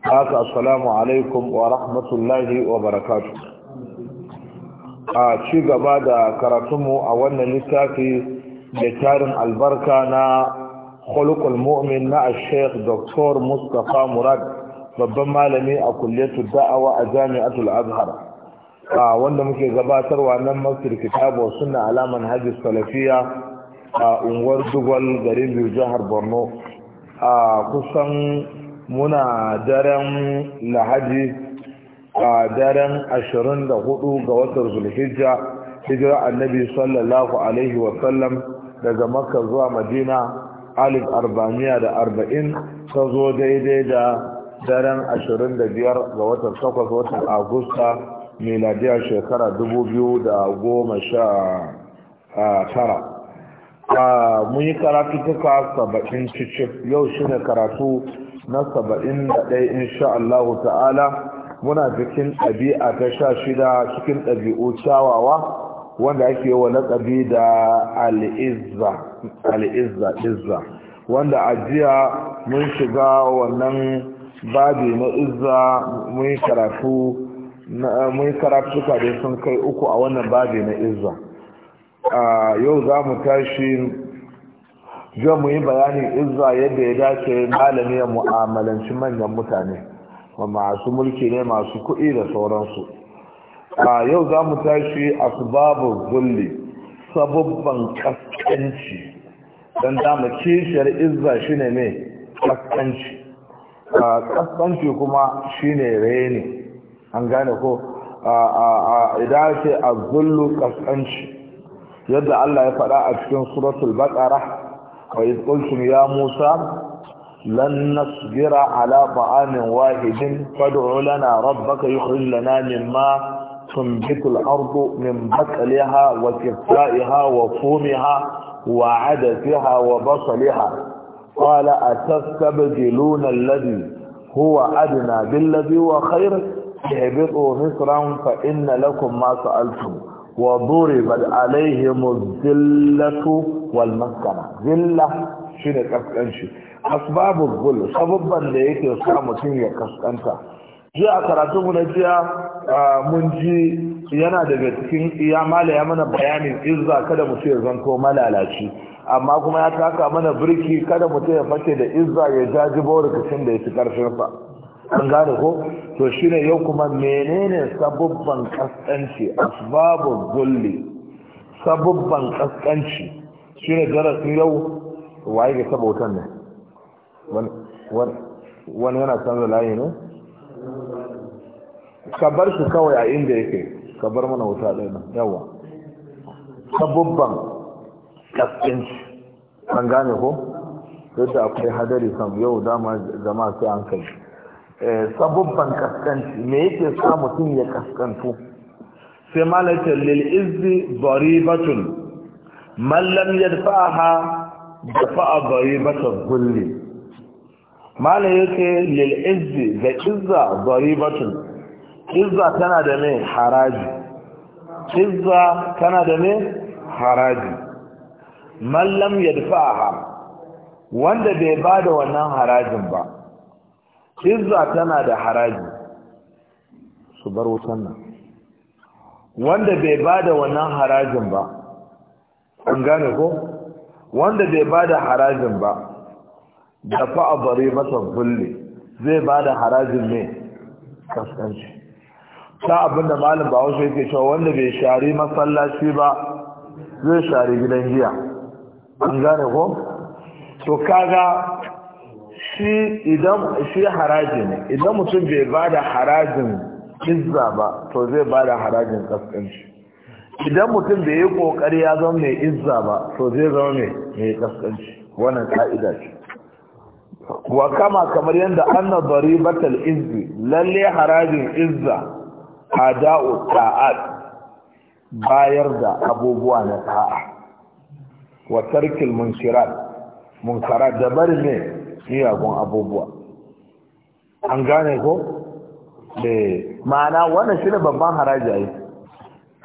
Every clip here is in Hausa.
haka assalamu alaikum wa rahmatullahi wa barakatu a ci gaba da karatunmu a wannan littafi da tarin albarka na khulukul mu'min na sheikh dr mustapha murad babban malami a kulletu da'awa a jami'atul azhar a wanda muke gabatarwa nan masir kitabu suna alaman hajji salafiya a unguwar dugwal garin biyu jihar borno a kusan muna daren lahadi a daren 24 ga watan zulhijja hijira annabi sallallahu alaihi wasallam daga makka zuwa madina alif arba'amiya da arba'in ta zo daidai da daren 25 ga watan 8 watan agusta miladiyar shekara 2019 mun yi karatu tuka saba'in cikin yau shi ne karatu na saba'in da ɗaya insha Allah ta'ala muna cikin ɗabi'a ta sha shida cikin ɗabi'u kyawawa wanda ake wa laƙabi da al'izza izza wanda ajiya mun shiga wannan babi na izza mun karatu mun karatu kare sun kai uku a wannan babi na izza yau za mu tashi jiya mu yi bayanin izza yadda ya dace malami ya mu'amalanci manyan mutane wa masu mulki ne masu kuɗi da sauransu a yau za mu tashi babu zulli sabubban kaskanci don dama kishiyar izuwa shi ne kaskanci kaskanci kuma shi ne reni an gane ko idan ce a zullu kaskanci yadda Allah ya faɗa a cikin suratul baƙara وإذ قلتم يا موسى لن نصبر على طعام واحد فادع لنا ربك يخرج لنا مما تنبت الأرض من بكلها وكفائها وفومها وعدسها وبصلها قال أتستبدلون الذي هو أدنى بالذي هو خير اهبطوا مصرا فإن لكم ما سألتم wa duribat alaihim zillatu wal maskana zilla shine kaskanci asbabu gul sababban da yake sa mutum ya kaskanta jiya a karatun mu na jiya mun ji yana daga cikin ya mala ya mana bayanin izza kada mu ya zanto malalaci amma kuma ya taka mana birki kada mu ya fake da izza ya jajibo rikicin da ya fi karfinsa an gane ko to shine yau kuma menene sabubban kaskanci asbabul zulli sabubban kaskanci shine darasin yau waye ga sabotan ne wani yana canza layi ne ka bar shi kawai a inda yake ka bar mana wuta ɗaya nan yawa sabubban kaskanci an gane ko yadda akwai hadari kan yau dama jama'a sai an kai Eh, sabubban kaskanci me yake sa mutum ya kaskantu sai malaka lil izzi daribatun man lam yadfa'aha dafa'a daribatan kulli malaka yake lil izzi da izza daribatun izza tana da ne haraji izza tana da ne haraji man lam yadfa'aha wanda bai bada wannan harajin ba Hizza tana da haraji su bar wutan nan wanda bai bada wannan harajin ba an gane ko wanda bai bada harajin ba da fa'a a masa zulli zai bada harajin ne kaskanci ta abinda malin ba wasu yake cewa wanda bai shari masallaci ba zai shari gidan giya an gane ko to kaga shi idan haraji idan mutum bai ba da harajin izza ba to zai ba da harajin kaskanci idan mutum bai yi kokari ya zama mai izza ba to zai zama mai mai kaskanci wannan ka'ida ce wa kama kamar yadda anna batal izzi lalle harajin izza da'u ta'at bayar da abubuwa na ta'a wa tarkil munkirat munkarat da bari ne miyagun abubuwa an gane ko eh, ma'ana wannan shi ne babban haraji yi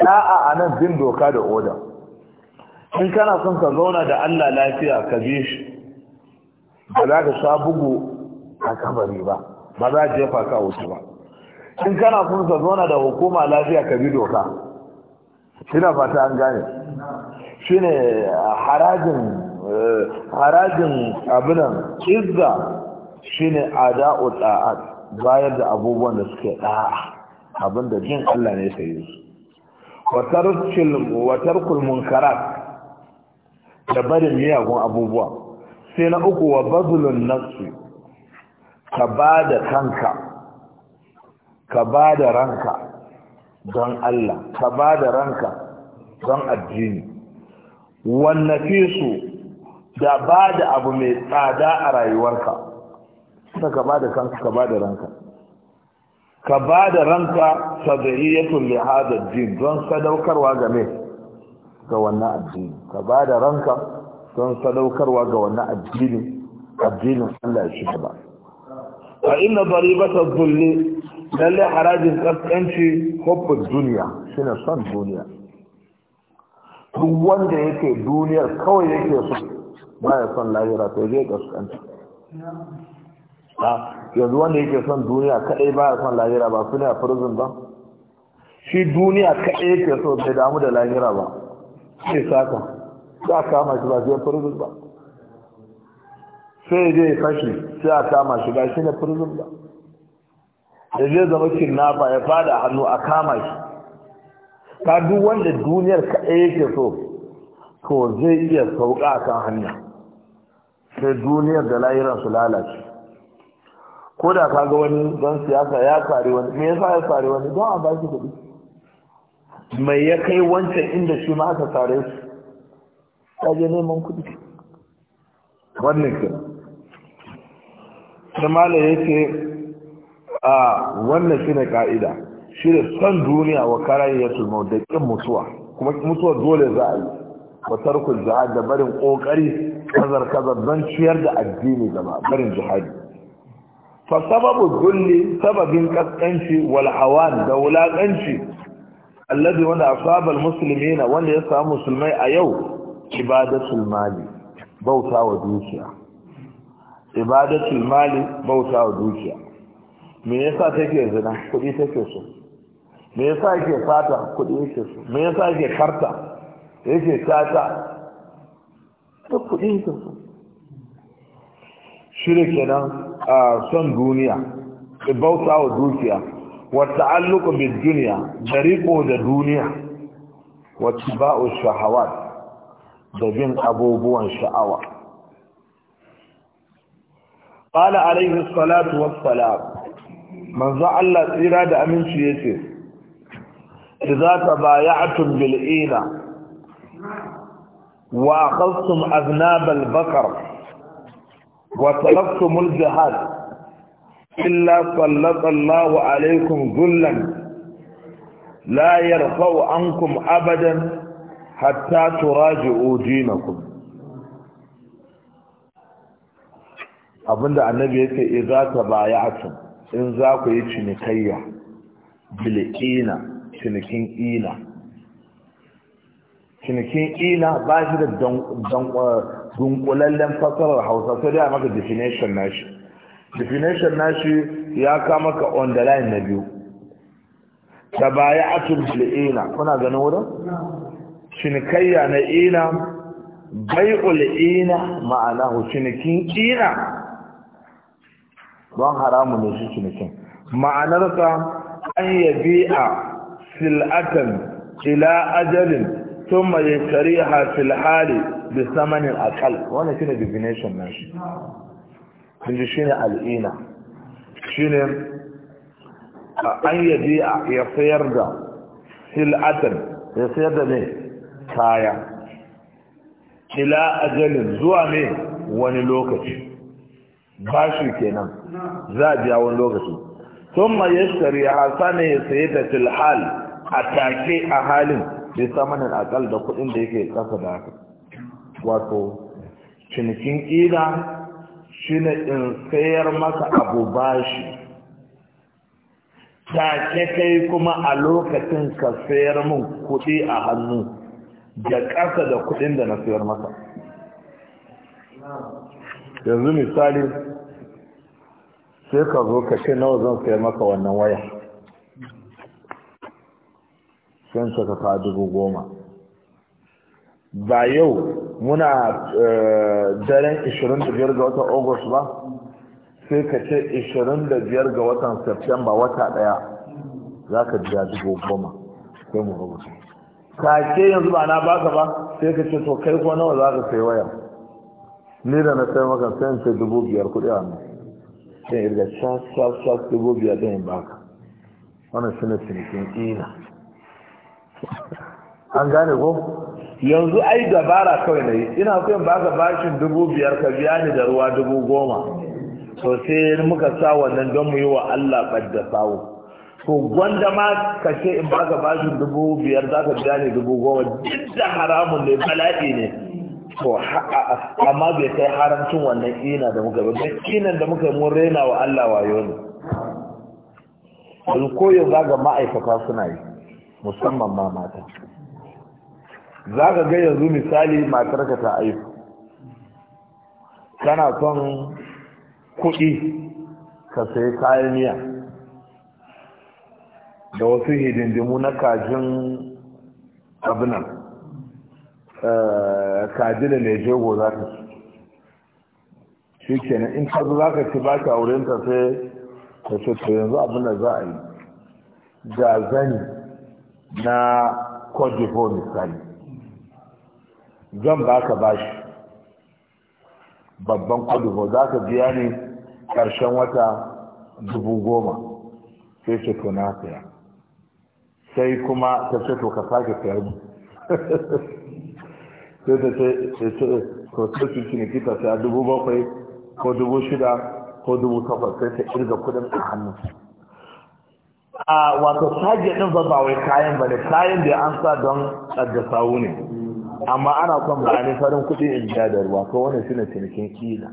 ɗa'a a nan bin doka da oda in kana son ka zauna da allah lafiya ka bi shi ba za ka sha bugu a kabari ba ba za a jefa ka wuce ba in kana son ka zauna da hukuma lafiya ka bi doka shi na fata an gane shi ne harajin Eh, harajin abinan izza shine ada'u ta'at bayar da abubuwan da suke da'a abinda jin Allah ne sai yi su wa tarkul munkarat da bari miyagun abubuwa sai na uku wa bazulun nafsi ka ba da kanka ka ba da ranka don Allah ka ba da ranka don addini wannan fi su da ba da abu mai tsada a rayuwarka ka ba da kanka ka ba da ranka ka ba da ranka sadaqiyatun li hada din don sadaukarwa game ga wannan addini ka ba da ranka don sadaukarwa ga wannan addini addinin Allah shi ba fa inna daribata dhulli lalle harajin kaskanci hubbu duniya shine son duniya duk wanda yake duniyar kawai yake so ba ya son lahira to zai kaskanta ta. yanzu wanda yake son duniya kadai ba ya son lahira ba su ne a prison ba shi duniya kadai yake so bai damu da lahira ba sai saka za a kama shi ba zai prison ba sai zai fashi sai a kama shi ba shi ne prison ba da zai zama kidnapper ya fada hannu a kama shi ka duk wanda duniyar kaɗai yake so to zai iya sauka a kan hanya sai duniyar da lahiran su lalace ko da ka ga wani don siyasa ya kare wani me yasa ya kare wani don a baki kuɗi mai ya kai wancan inda shi ma aka kare su ta je neman kuɗi wannan ke sai mala ya ce a wannan shi ne ka'ida shi da son duniya wa ya maut da ƙin mutuwa kuma mutuwa dole za a yi wa tarkul a da barin ƙoƙari kazar kazar don ciyar da addini gaba barin jihadi fa sababu gulli sababin kaskanci wal hawan da wulakanci alladhi wanda asaba al muslimina wanda ya samu musulmai a yau ibadatul mali bauta wa dukiya ibadatul mali bauta wa dukiya me yasa take zina kudi take so me yasa yake fata kudi yake so me yasa yake karta yake tata ta kuɗi ka a son duniya da bauta wa dukiya wata alluka bin duniya da da duniya wata ba'u shahawat da bin abubuwan sha'awa ƙala alaihi salatu salam manzo Allah tsira da aminci yace idza tabaya'tum atun bil'ina. واخذتم اذناب البقر وتركتم الجهاد الا سلط الله عليكم ذلا لا يرفع عنكم ابدا حتى تراجعوا دينكم أظن annabi النبي إذا tabaya'tum إن ذاك ku yi cinikayya bil ina cinikin ila ba shi da eh, dunkulallen fasarar hausa sai dai maka definition nashi definition nashi ya kama ka on the line na biyu da baya atun ila kuna ganin wurin cinikayya na ila bai'ul ila hu cinikin ila don haramun ne shi cinikin ma'anarsa an a sil'atan ila ajalin ثم يشتريها في الحال بثمن أقل وانا شنو definition ماشي من شنو الإينة شنو أن يبيع يصير ده في الأدن يصير ده مين كايا إلى أجل زوى مين وان لوكتش باشي كينا زاد يا وان لوكتش ثم يشتريها ثاني يسيدة في الحال أتاكي أهالي sai samanin akal da kudin da yake kasa da haka wato cinikin ƙila shi ne in sayar maka abu bashi take kai kuma a lokacin ka sayar min kudi a hannu da ƙasa da kudin da na sayar maka yanzu misali sai ka zo ka ce nawa zan sayar maka wannan waya sun suka fa dubu goma ba yau muna eh, daren 25 ga watan agus ba sai ka ce 25 ga watan septemba wata daya za ka biya dubu goma sai mu rubuta ka ke yanzu ba na baka ba sai ka ce to kai ko nawa za ka sai waya ni da na sai maka sai in ce dubu biyar kuɗi a nan sai irga shaf shaf shaf dubu biyar ɗin baka wannan shi ne cinikin ina an gane ko yanzu ai dabara kawai na yi ina so in baka bashin dubu biyar ka biya ni da ruwa dubu goma to sai muka sa wannan don mu yi wa Allah ɓadda sawo Ko gwanda ma ka ce in baka bashin dubu biyar za ka biya ni dubu goma duk da haramun ne bala'i ne to amma bai kai haramcin wannan ina da muka ba kinan da muka yi mun rena wa Allah wayo ne. Ko yau ga ma'aikata suna yi. musamman ma mata za ka ga yanzu misali matarka ta aiki kana son kuɗi ka sai kayan miya da wasu hidindimu na kajin abinan eh, kaji da lejego za ka ci shi kenan in ka za ka ci ba ka wurin ka sai ka ce to yanzu abin da za a yi ga zani na kodifo misali zan ba ka bashi babban kodifo za ka biya ne ƙarshen wata dubu goma sai ce to na saya sai kuma ta ce to ka sake sayar mu sai ta ce to sai su ciniki sai saya dubu bakwai ko dubu shida ko dubu takwas sai ta kirga kudin a hannun a wato sage din ba ba wai kayan ba ne kayan da an sa don sawu ne amma ana son ba ne farin kuɗi in da ruwa ko wani shine cinikin kila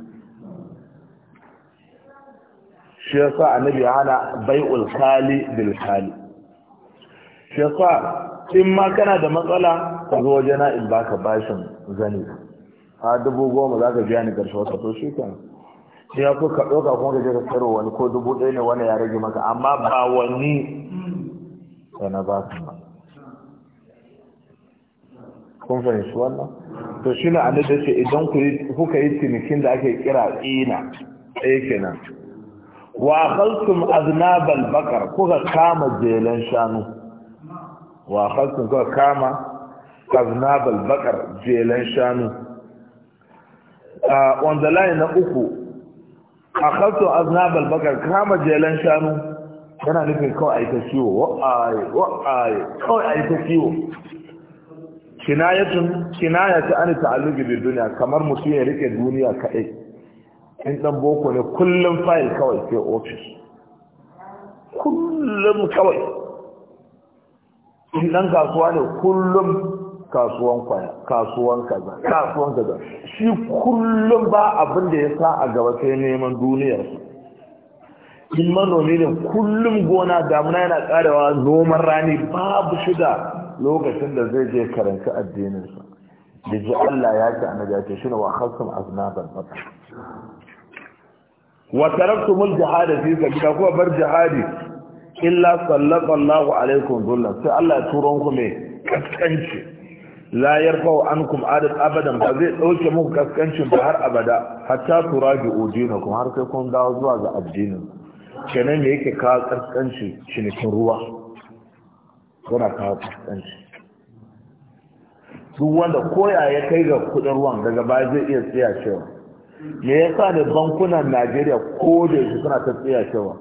shi yasa annabi hana bai'ul kali bil kali shi yasa in ma kana da matsala ka zo wajena in baka bashin zani a dubu goma za ka biya ni karshe wata to shi kan ya ko ka ɗauka kuma gaje ka tsaro wani ko dubu ɗaya ne wani ya rage maka amma ba wani sai na ba su ba kun fahimci wannan to shi ne an da ce idan kuka yi cinikin da ake kira tsina ɗaya kenan wa akhaltum aznabal bakar kuka kama jelan shanu wa akhaltum kuka kama aznabal bakar jelan shanu uh, on the line na uku akhadtu aznab al-bakar kama jelan shanu yana nufin kawai aita ciwo wa'ai wa'ai kawai aita ciwo kinayatun kinayatu an ta'alluqi bid dunya kamar mutum ya rike duniya kadai in dan boko ne kullum file kawai ke office kullum kawai in dan kasuwa ne kullum kasuwan kwaya kasuwan kaza kasuwan kaza shi kullum ba abin da ya sa a gaba sai neman duniyar su, in manomi ne kullum gona damuna yana karewa noman rani babu shida lokacin da zai je karanci addininsa da ji Allah ya ci annabi ya ce ne wa khasum aznaban fata wa mul jihad fi sabila kuma bar jihadi illa sallallahu alaikum dullan sai Allah ya turo ku me kaskanci la yarfa'u ankum adad abadan ba zai dauke muku kaskancin ba har abada hatta o'jina, kuma har sai kun dawo zuwa ga addini kenan me yake kawo kaskanci cinikin ruwa kuna kawo kaskanci duk wanda koya ya kai ga kudin ruwan daga baya zai iya tsaya cewa me yasa ne bankunan Najeriya ko da yake suna ta tsaya cewa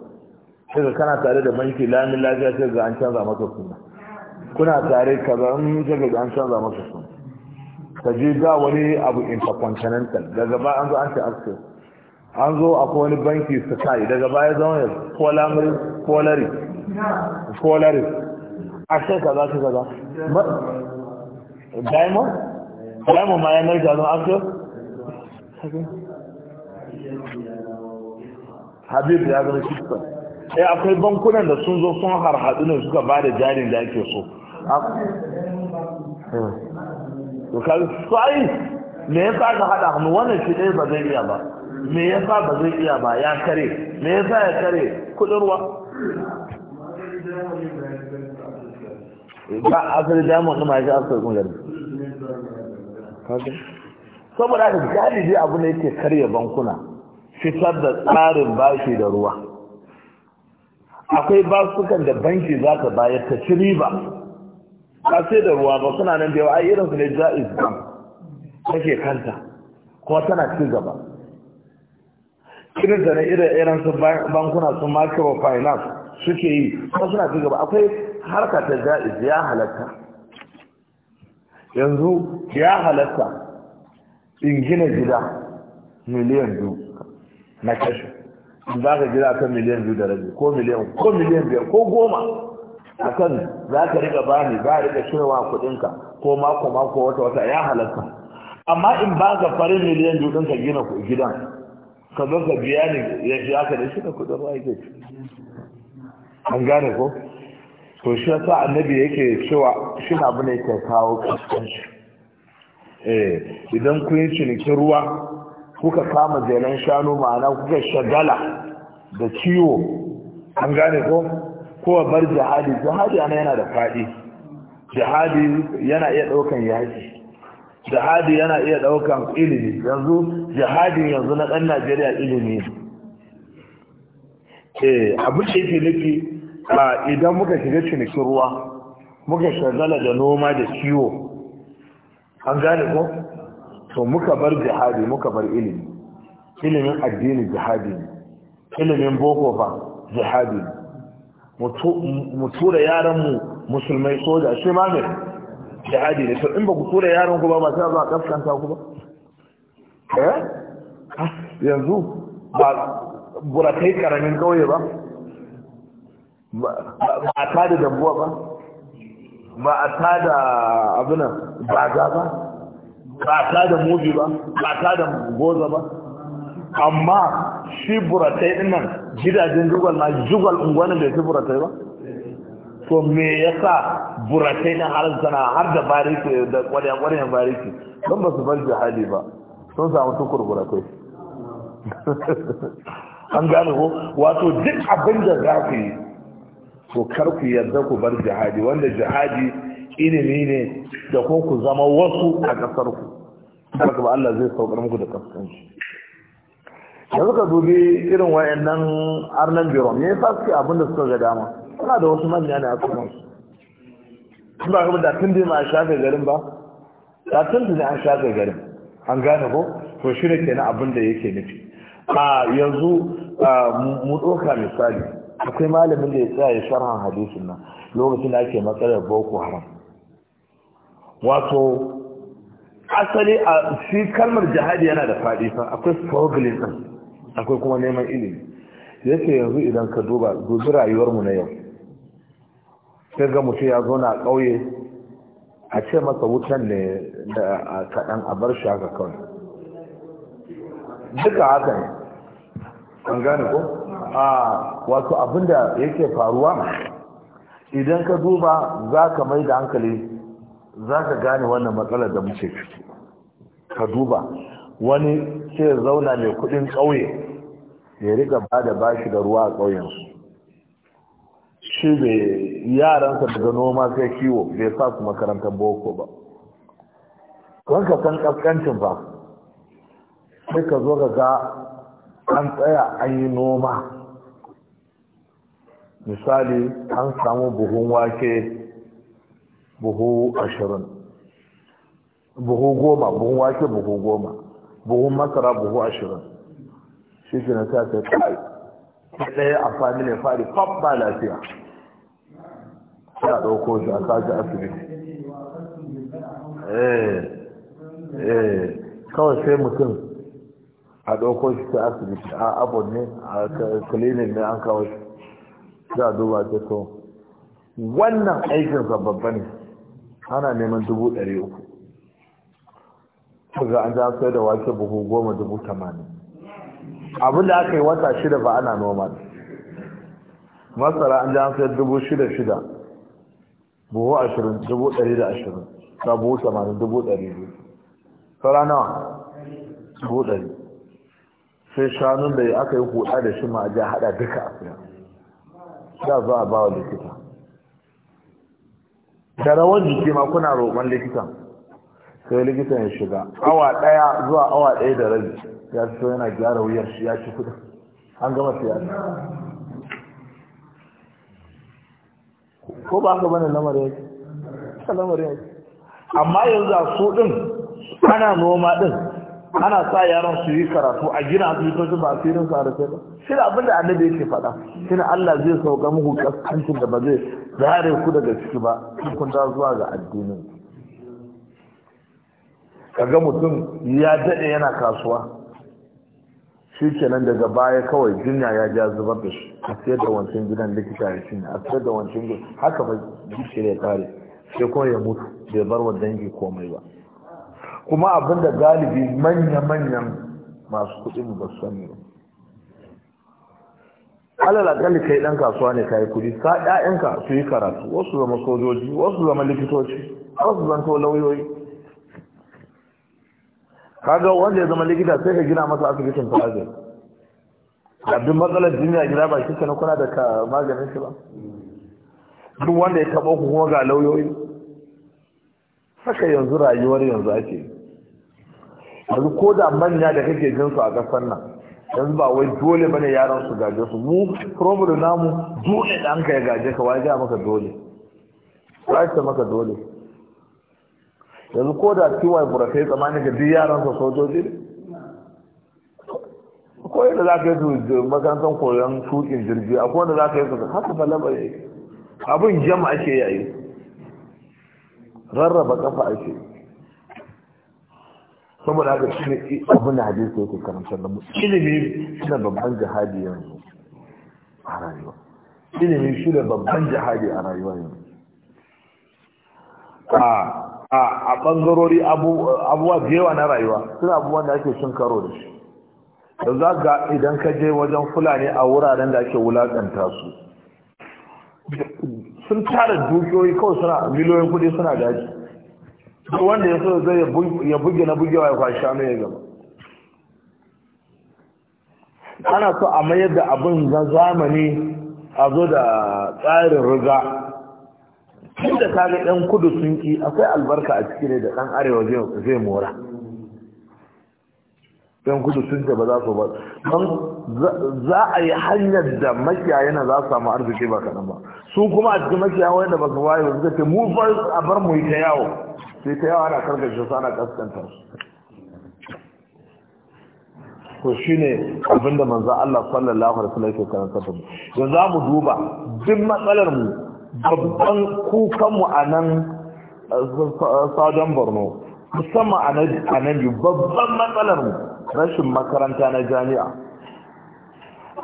sai kana tare da banki lamin lafiya sai ga an canza maka suna kuna tare ka ba in daga an canza masa sun ka je ga wani abu intercontinental daga ba an zo an ce aske an zo a wani banki sky daga baya zama ya polaris kolari polaris a ce ka za ka gaza diamond diamond ma yanar gazon aske? habib ya zama kifta sai eh, akwai bankunan da sun zo sun harhaɗu ne suka ba da jarin da ake so to kai sai me yasa ka hada hannu wannan shi dai ba zai iya ba me yasa ba zai iya ba ya kare me yasa ya kare kudin ruwa ba asali diamond din ma ya asali kun gari saboda haka galibi abu ne yake karya bankuna fitar da tsarin bashi da ruwa akwai basukan da banki za ta bayar ta ci riba ba sai da ruwa ba suna nan da yawa ai irin su ne jaiz ba take kanta kuma tana ci gaba irin da irin irin su bankuna su microfinance suke yi kuma suna ci gaba akwai harka ta jaiz ya halatta yanzu ya halatta in gina gida miliyan biyu na kashe in ba ka gida ta miliyan biyu da rabi ko miliyan ko miliyan biyar ko goma akan za ka riga bani ba a riga cirewa kuɗinka ko mako mako wata wata ya halatta amma in ba ka farin miliyan dukan ka gina gidan ka zo ka biya ni ya ji aka da shi da kuɗin ba yake an gane ko to shi yasa annabi yake cewa shi na bune ke kawo shi eh idan kun yi cinikin ruwa kuka kama jelan shanu ma'ana kuka shagala da ciwo an gane ko ko bar jihadi jihadi ana yana da faɗi jihadi yana iya ɗaukan yaji jihadi yana iya ɗaukan ilimi yanzu jihadin yanzu na ɗan najeriya ilimi eh abin ke yake nufi idan muka shiga cinikin ruwa muka shagala da noma da ciwo an gane ko to muka bar jihadi muka bar ilimi ilimin addini jihadi ilimin boko fa jihadi ne mu tura yaranmu musulmai soja shi ma ne jihadi ne to in ba ku tura yaran ku ba ba sai a kaskanta ku ba eh ah, yanzu ba burakai karamin kauye ba ba a tada dabuwa ba ba a tada abuna baza ba ba a tada mubi ba ba a tada goza ba amma shi buratai din nan gidajen jugal na jugal unguwanin da fi buratai ba to me yasa buratai na har zana har da bariki da kwarya bariki don ba su bar jihadi ba sun samu tukur buratai an gane ko wato duk abin da za ku yi to kar ku yarda ku bar jihadi wanda jihadi ilimi ne da ko ku zama wasu a kasar ku ba Allah zai saukar muku da kaskanci da suka dubi irin wayannan arnan biron me yasa suke abin da suka ga dama suna da wasu manya ne a kuma su ba kuma da tun da an shafe garin ba da tun da an shafe garin an gane ko to shi ne kenan abin da yake nufi a yanzu mu ɗauka misali akwai malamin da ya tsaya sharhan hadisin nan lokacin da ake matsalar boko haram wato asali a shi kalmar jihadi yana da faɗi akwai struggling din akwai kuma neman ilimi yace yanzu idan ka duba dubi rayuwarmu na yau sai ga mutum ya zo na ƙauye a ce masa wutan ne da kaɗan a bar shi haka kawai duka haka ne an gane ko a wato abinda yake faruwa idan ka duba za ka mai da hankali za ka gane wannan matsalar da muke ciki ka duba wani ce zauna mai kudin kauye ya riga ba da bashi da ruwa a ƙauyensu shi da yaransa daga noma sai kiwo bai sa su makarantar boko ba ka san ƙasƙancin ba sai ka zo ga an tsaya an yi noma misali an samu buhun wake buhu ashirin buhu goma buhun wake buhu goma buhun masara buhu ashirin shi shi na sa sai kai ɗaya a ne fari fab ba lafiya ya ɗauko shi a sashi asibiti eh, eh kawai sai mutum a ɗauko shi ta asibiti a abon ne a kalinin ne an kawo shi za a duba ta to wannan aikinsa babba ne ana neman dubu ɗari uku ga an ja sai da wake buhu goma dubu tamanin abin da aka yi wata shida ba ana noma masara an ja sai dubu shida shida buhu ashirin dubu ɗari da ashirin ta buhu tamanin dubu ɗari biyu sara nawa dubu ɗari sai shanun da aka yi huɗa da shi ma a ja haɗa duka a siya da za a ba wa likita da rawar jiki ma kuna roƙon likitan sai likita ya shiga awa daya zuwa awa daya da rabi ya fito yana gyara wuyar shi ya ci kudin an gama siyasa ko ba ka bane lamarin ya lamarin ya amma yanzu a su din ana noma din ana sa yaran su yi karatu a gina asibitocin ba asirin su a da ba shi da abinda annabi yake faɗa shi ne Allah zai sauka muku kaskancin da ba zai zare ku daga ciki ba kun ta zuwa ga addinin kaga mutum ya daɗe yana kasuwa shi kenan daga baya kawai jinya ya ja zubar da shi a sai da wancan gidan likita ya cinye a sai da wancan gidan haka ba jiki ya kare sai kuma ya mutu bai bar wa dangi komai ba kuma abin da galibi manya-manyan masu kuɗin ba su sani ba alal akalli kai ɗan kasuwa ne kayi kuɗi ka su yi karatu wasu zama sojoji wasu zama likitoci wasu zanto lauyoyi kaga wanda ya zama likita sai ka gina masa asibitin private abin matsalar jiniya gida ba shi kana kuna da ka maganin shi ba duk wanda ya taɓa ku kuma ga lauyoyi haka yanzu rayuwar yanzu ake yanzu ko da manya da kake jin su a ƙasar nan yanzu ba wai dole bane yaran su gaje su mu problem namu dole da an ka ya gaje ka wai ga maka dole sai maka dole yanzu ko da tiwa burafai tsamani ga duk yaransa sojoji ne ko yadda za ka yi su makarantar koyon tukin jirgi a kowane za ka yi su haka falaba ya yi abin jama ake yayi rarraba kafa ake saboda haka shi ne abin da hadisi yake karanta da ilimi shi ne babban jihadi yanzu a rayuwa ilimi shi ne babban jihadi a rayuwa yanzu ah, a ɓangarori abubuwa da yawa na rayuwa suna abubuwan da ake cin karo da shi da za ga idan ka je wajen fulani a wuraren da ake wulaƙanta su sun tara dukiyoyi kawai suna miliyoyin kudi suna daji duk wanda ya so zai ya buge na bugewa ya kwashe mai ya gaba ana so a mayar da abin na zamani a zo da tsarin riga tun da ga ɗan kudu sun ki akwai albarka a cikin da ɗan arewa zai mora ɗan kudu sun ce ba za su ba don za a yi hanyar da makiyaye na za su samu arziki ba kaɗan ba su kuma a cikin makiyaye wanda ba su waye ba su ce mu fa a bar mu yi ta yawo sai ta yawo ana karkashe su ana kaskanta su to shine abinda manzan Allah sallallahu alaihi wasallam yake karanta da mu yanzu mu duba duk matsalar mu babban kukanmu a nan sadon borno musamman a nan biyu babban mu rashin makaranta na jami'a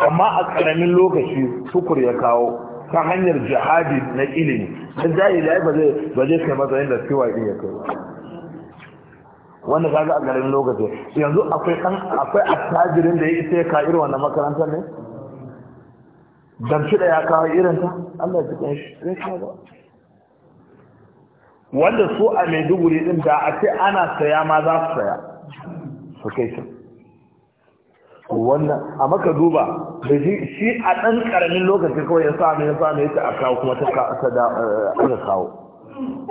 amma a karamin lokaci tukur ya kawo ta hanyar jihadi na ilimi don jahilai ba zai kai matsayin da cewa ya kai wanda kaga a ƙaramin lokaci yanzu akwai a attajirin da ya isa ya ka irin wannan makarantar ne damshi da ya kawo irinta Allah ya kan shi zai ka ba wanda su a Maiduguri din da a ce ana saya ma za su saya su kai su wannan a maka duba da shi a ɗan ƙaramin lokaci kawai ya sami ya sami ya ce a kawo kuma ta da eh, aka kawo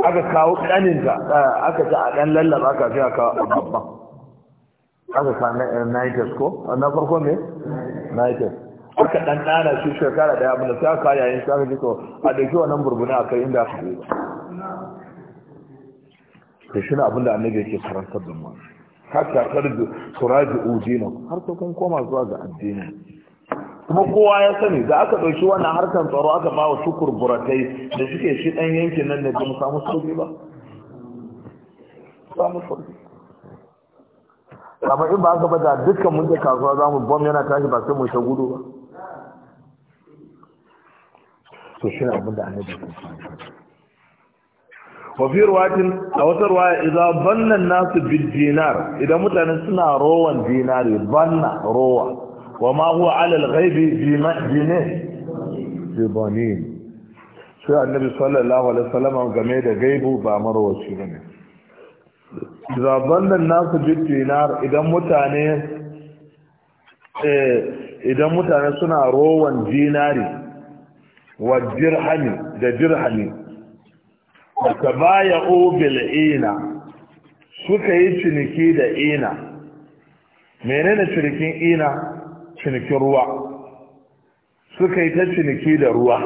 aka kawo ƙaninta eh, aka ta a ɗan lallaba aka fi a kawo a babban aka sami na eh, ko na farko ne na aka dan nana shi shekara daya abin da sai aka yayin shi aka ji a dauki wannan burbuna akai inda aka yi da shi abin da annabi yake karantar da mu hatta tarju turaji ujina har kun koma zuwa ga addini kuma kowa ya sani da aka ɗauki wannan harkar tsaro aka ba wa shukur buratai da suke shi ɗan yankin nan da ba mu samu soji ba samu soji amma in ba aka da dukkan mun da kasuwa za mu bom yana tashi ba sai mu shagudu gudu ba to shi abin da annabi ya faɗa wa fi ruwatin a wata idan bannan nasu dinar idan mutane suna rowan dinari banna rowa wa ma huwa alal ghaibi bi sai annabi sallallahu alaihi wasallam game da gaibu ba marwaci bane idan bannan nasu dinar idan mutane eh, idan mutane suna rowan dinari wa dirhami da dirhami ka baya obil ina suka yi ciniki da ina menene cinikin ina cinikin ruwa suka yi ta ciniki da ruwa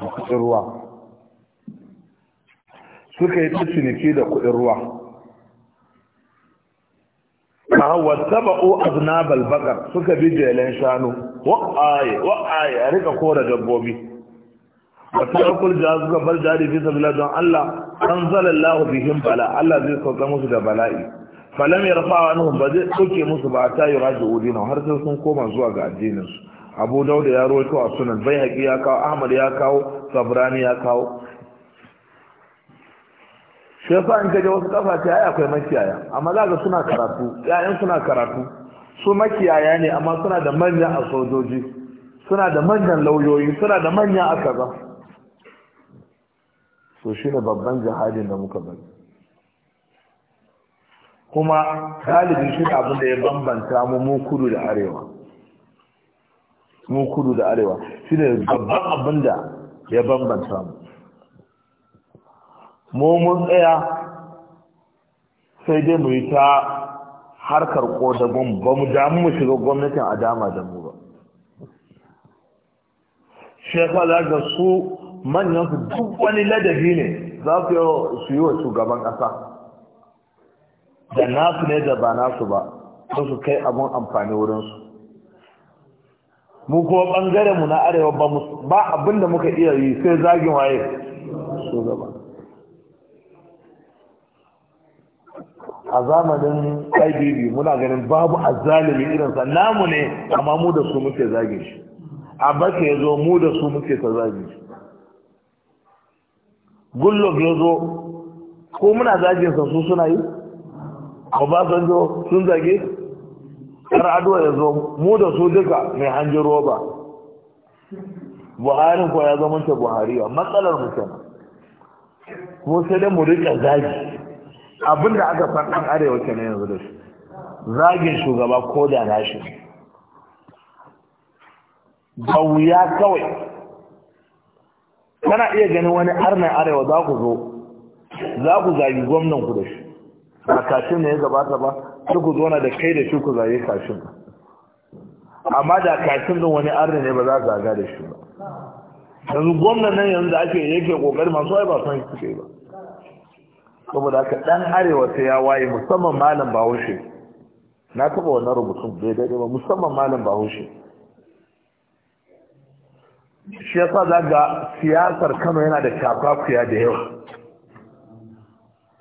da kuɗin ruwa suka yi ta ciniki da kuɗin ruwa a wataba o aznabal bakar suka bi jelen shanu wa'aye wa'aye a rika kora dabbobi wa tarakul jazu suka bar jari fi sabila don Allah an zalallahu bihim bala Allah zai sauka musu da bala'i falam yarfa anhum ba zai dauke musu ba a tayi raji'u dinahum har sai sun koma zuwa ga addinin su abu dauda ya rawaito a sunan bai haƙi ya kawo ahmad ya kawo sabrani ya kawo shi yasa in kaje wasu kafa ta akwai makiyaya amma za ga suna karatu yayan suna karatu su makiyaya ne amma suna da manyan a sojoji suna da manyan lauyoyi suna da manyan a kaza so shi ne babban jihadin da muka bari kuma galibin shi abin da ya bambanta mu mu kudu da arewa mu kudu da arewa shi ne babban abin da ya bambanta mu mu mun tsaya sai dai mu yi ta harkar ƙodagon ba mu damu mu shiga gwamnatin a dama da mu ba shekwa za ga su manyan su duk wani ladabi ne za su yi wa shugaban ƙasa da nasu ne da ba nasu ba su su kai abun amfani wurinsu mu ko ɓangaren mu na arewa ba abinda muka iya yi sai zagin waye a zamanin IBB muna ganin babu azalimi irin sa namu ne amma mu da su muke zage shi a baka ya zo mu da su muke ta zage shi gullog ya zo ko muna zage sa su suna yi obasanjo sun zage har aduwa ya zo mu da su duka mai hanjin roba buharin ko ya zama ta buhariya matsalar mu kenan mu sai dai mu rika zagi abinda aka san ɗan arewa ke yanzu da su zagin shugaba ko da nashi da wuya kawai kana iya ganin wani arna arewa za ku zo za ku zagi gwamnan ku da shi a kashin ne ya gabata ba sai ku zona da kai da shi ku zagi kashin amma da kashin din wani arna ne ba za zaga da shi ba yanzu gwamnan nan yanzu da ake yake kokari masu ai ba son shi suke ba saboda haka dan arewa sai ya waye musamman malam bahaushe na taba wannan rubutun bai daidai ba musamman malam bahaushe shi yasa za ga siyasar kano yana da kakwakuya da yawa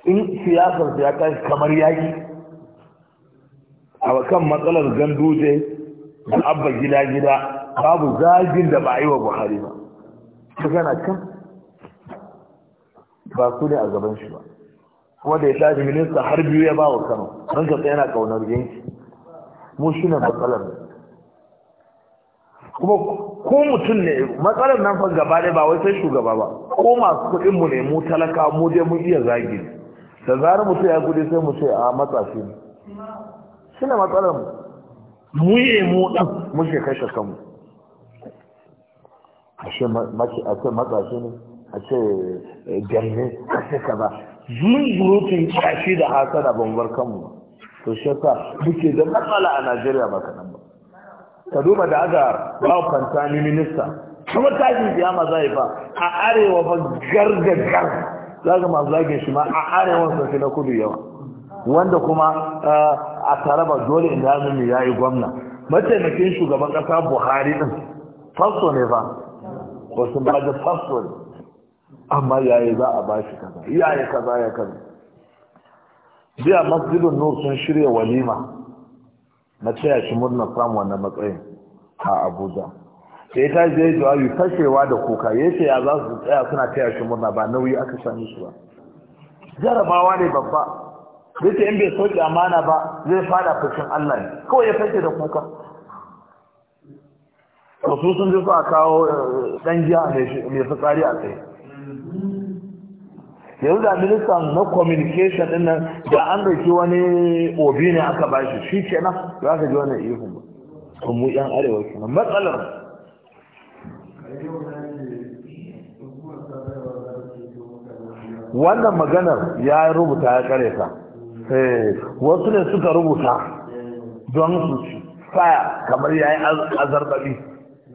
in siyasar ya tashi kamar yaki a kan matsalar ganduje da abba gida-gida babu zagin da ba a yi wa buhari ba ta gana can ba su ne a gaban shi ba kuma da ya tashi minista har biyu ya ba wa kano don ka yana kaunar yanki mu shi ne matsalar kuma ko mutum ne matsalar nan fa gaba ɗaya ba wai sai shugaba ba ko masu kuɗin mu ne mu talaka mu dai mun iya zagi da zarar mutum ya gudu sai mu ce a matsafi ne shi ne matsalar mu mu yi mu ɗan shi kashe kanmu a ce matsafi ne a ce eh, gyanne a ce kaza zunzurutun kashi da hasada ban bar kanmu to shi muke da matsala a Najeriya ba kaɗan ba ka duba da aka bawa fantani minista kuma tashin kiyama za yi ba a arewa ba gargagar za ga masu zagin shi ma a arewa sun fi na kudu yawa wanda kuma eh, a taraba dole in hazumi ya yi gwamna mataimakin shugaban ƙasa buhari din fasto ne ba wasu ba da fasto ne amma yayi za a bashi kaza yayi kaza ya kaza biya masjidun nur sun shirya walima na taya shi murnar samun wannan matsayin a abuja da ta je yi jawabi fashewa da kuka ya ce ya za su tsaya suna taya shi murna ba nauyi aka sani shi ba jarabawa ne babba da ce in bai soke amana ba zai fada fushin allah ne kawai ya fashe da kuka wasu sun ji su a kawo dan eh, jiya mai fitsari a tsaye yanzu da ministan na communication din nan da an dauki wani obi ne aka bashi shi kenan za ka ji wannan ihu ba kun mu yan arewa nan matsalar wannan maganar ya rubuta ya kare ta eh, wasu ne suka rubuta don su faya kamar ya yi azarbabi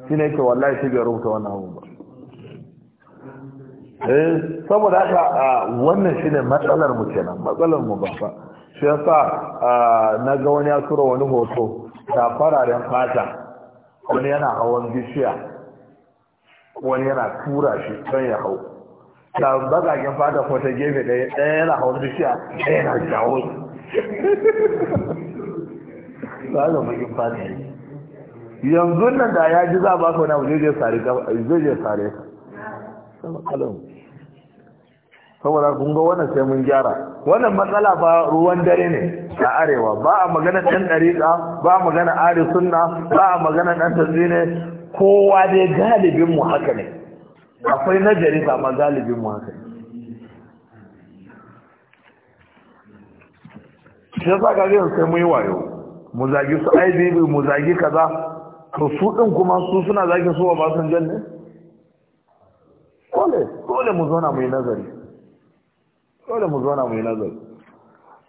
shi ne ke wallahi shi bai rubuta wannan abu ba Eh, saboda haka wannan shine matsalar mu kenan matsalar mu babba shi sa na ga wani ya tura wani hoto da fararen fata wani yana hawan bishiya wani yana tura shi don ya hau da bazagen fata ko ta gefe ɗaya ɗaya yana hawan bishiya ɗaya yana jawo ba da yin fata yanzu nan da ya ji za ba ka wani abu zai je sare ka saboda gunga wannan sai mun gyara wannan matsala ba ruwan dare ne a arewa ba a magana ɗan ɗariƙa ba a magana ari sunna ba a magana ɗan ne. kowa dai galibin mu haka ne akwai nazari ba ma galibin mu haka ne shi yasa ga yau sai mun yi wayo mu zagi su IBB mu zagi kaza to su din kuma su suna zagin su ba sun janne kole kole mu zauna na mai nazari dole mu zauna mu yi nazari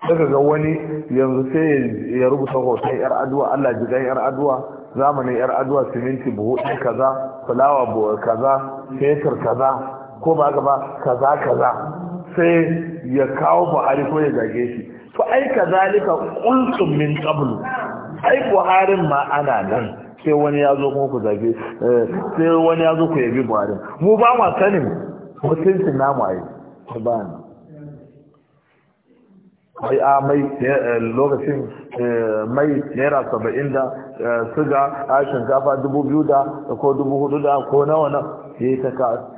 daga ga wani yanzu sai ya rubuta hoton yar addu'a Allah ji dan yar addu'a zamanin yar addu'a siminti buhu ɗin kaza fulawa buhu kaza fetur kaza ko ba gaba kaza kaza sai ya kawo buhari ko ya gage shi fa ai kazalika qultum min qablu ai buharin ma ana nan sai wani ya zo ku zage eh, sai wani ya zo ku yabi buharin mu ba ma sanin mutuncin namu ai ba mai a mai eh, eh, lokacin eh, mai naira saba'in da suga a shinkafa dubu biyu da ko dubu hudu da ko nawa na ya yi ta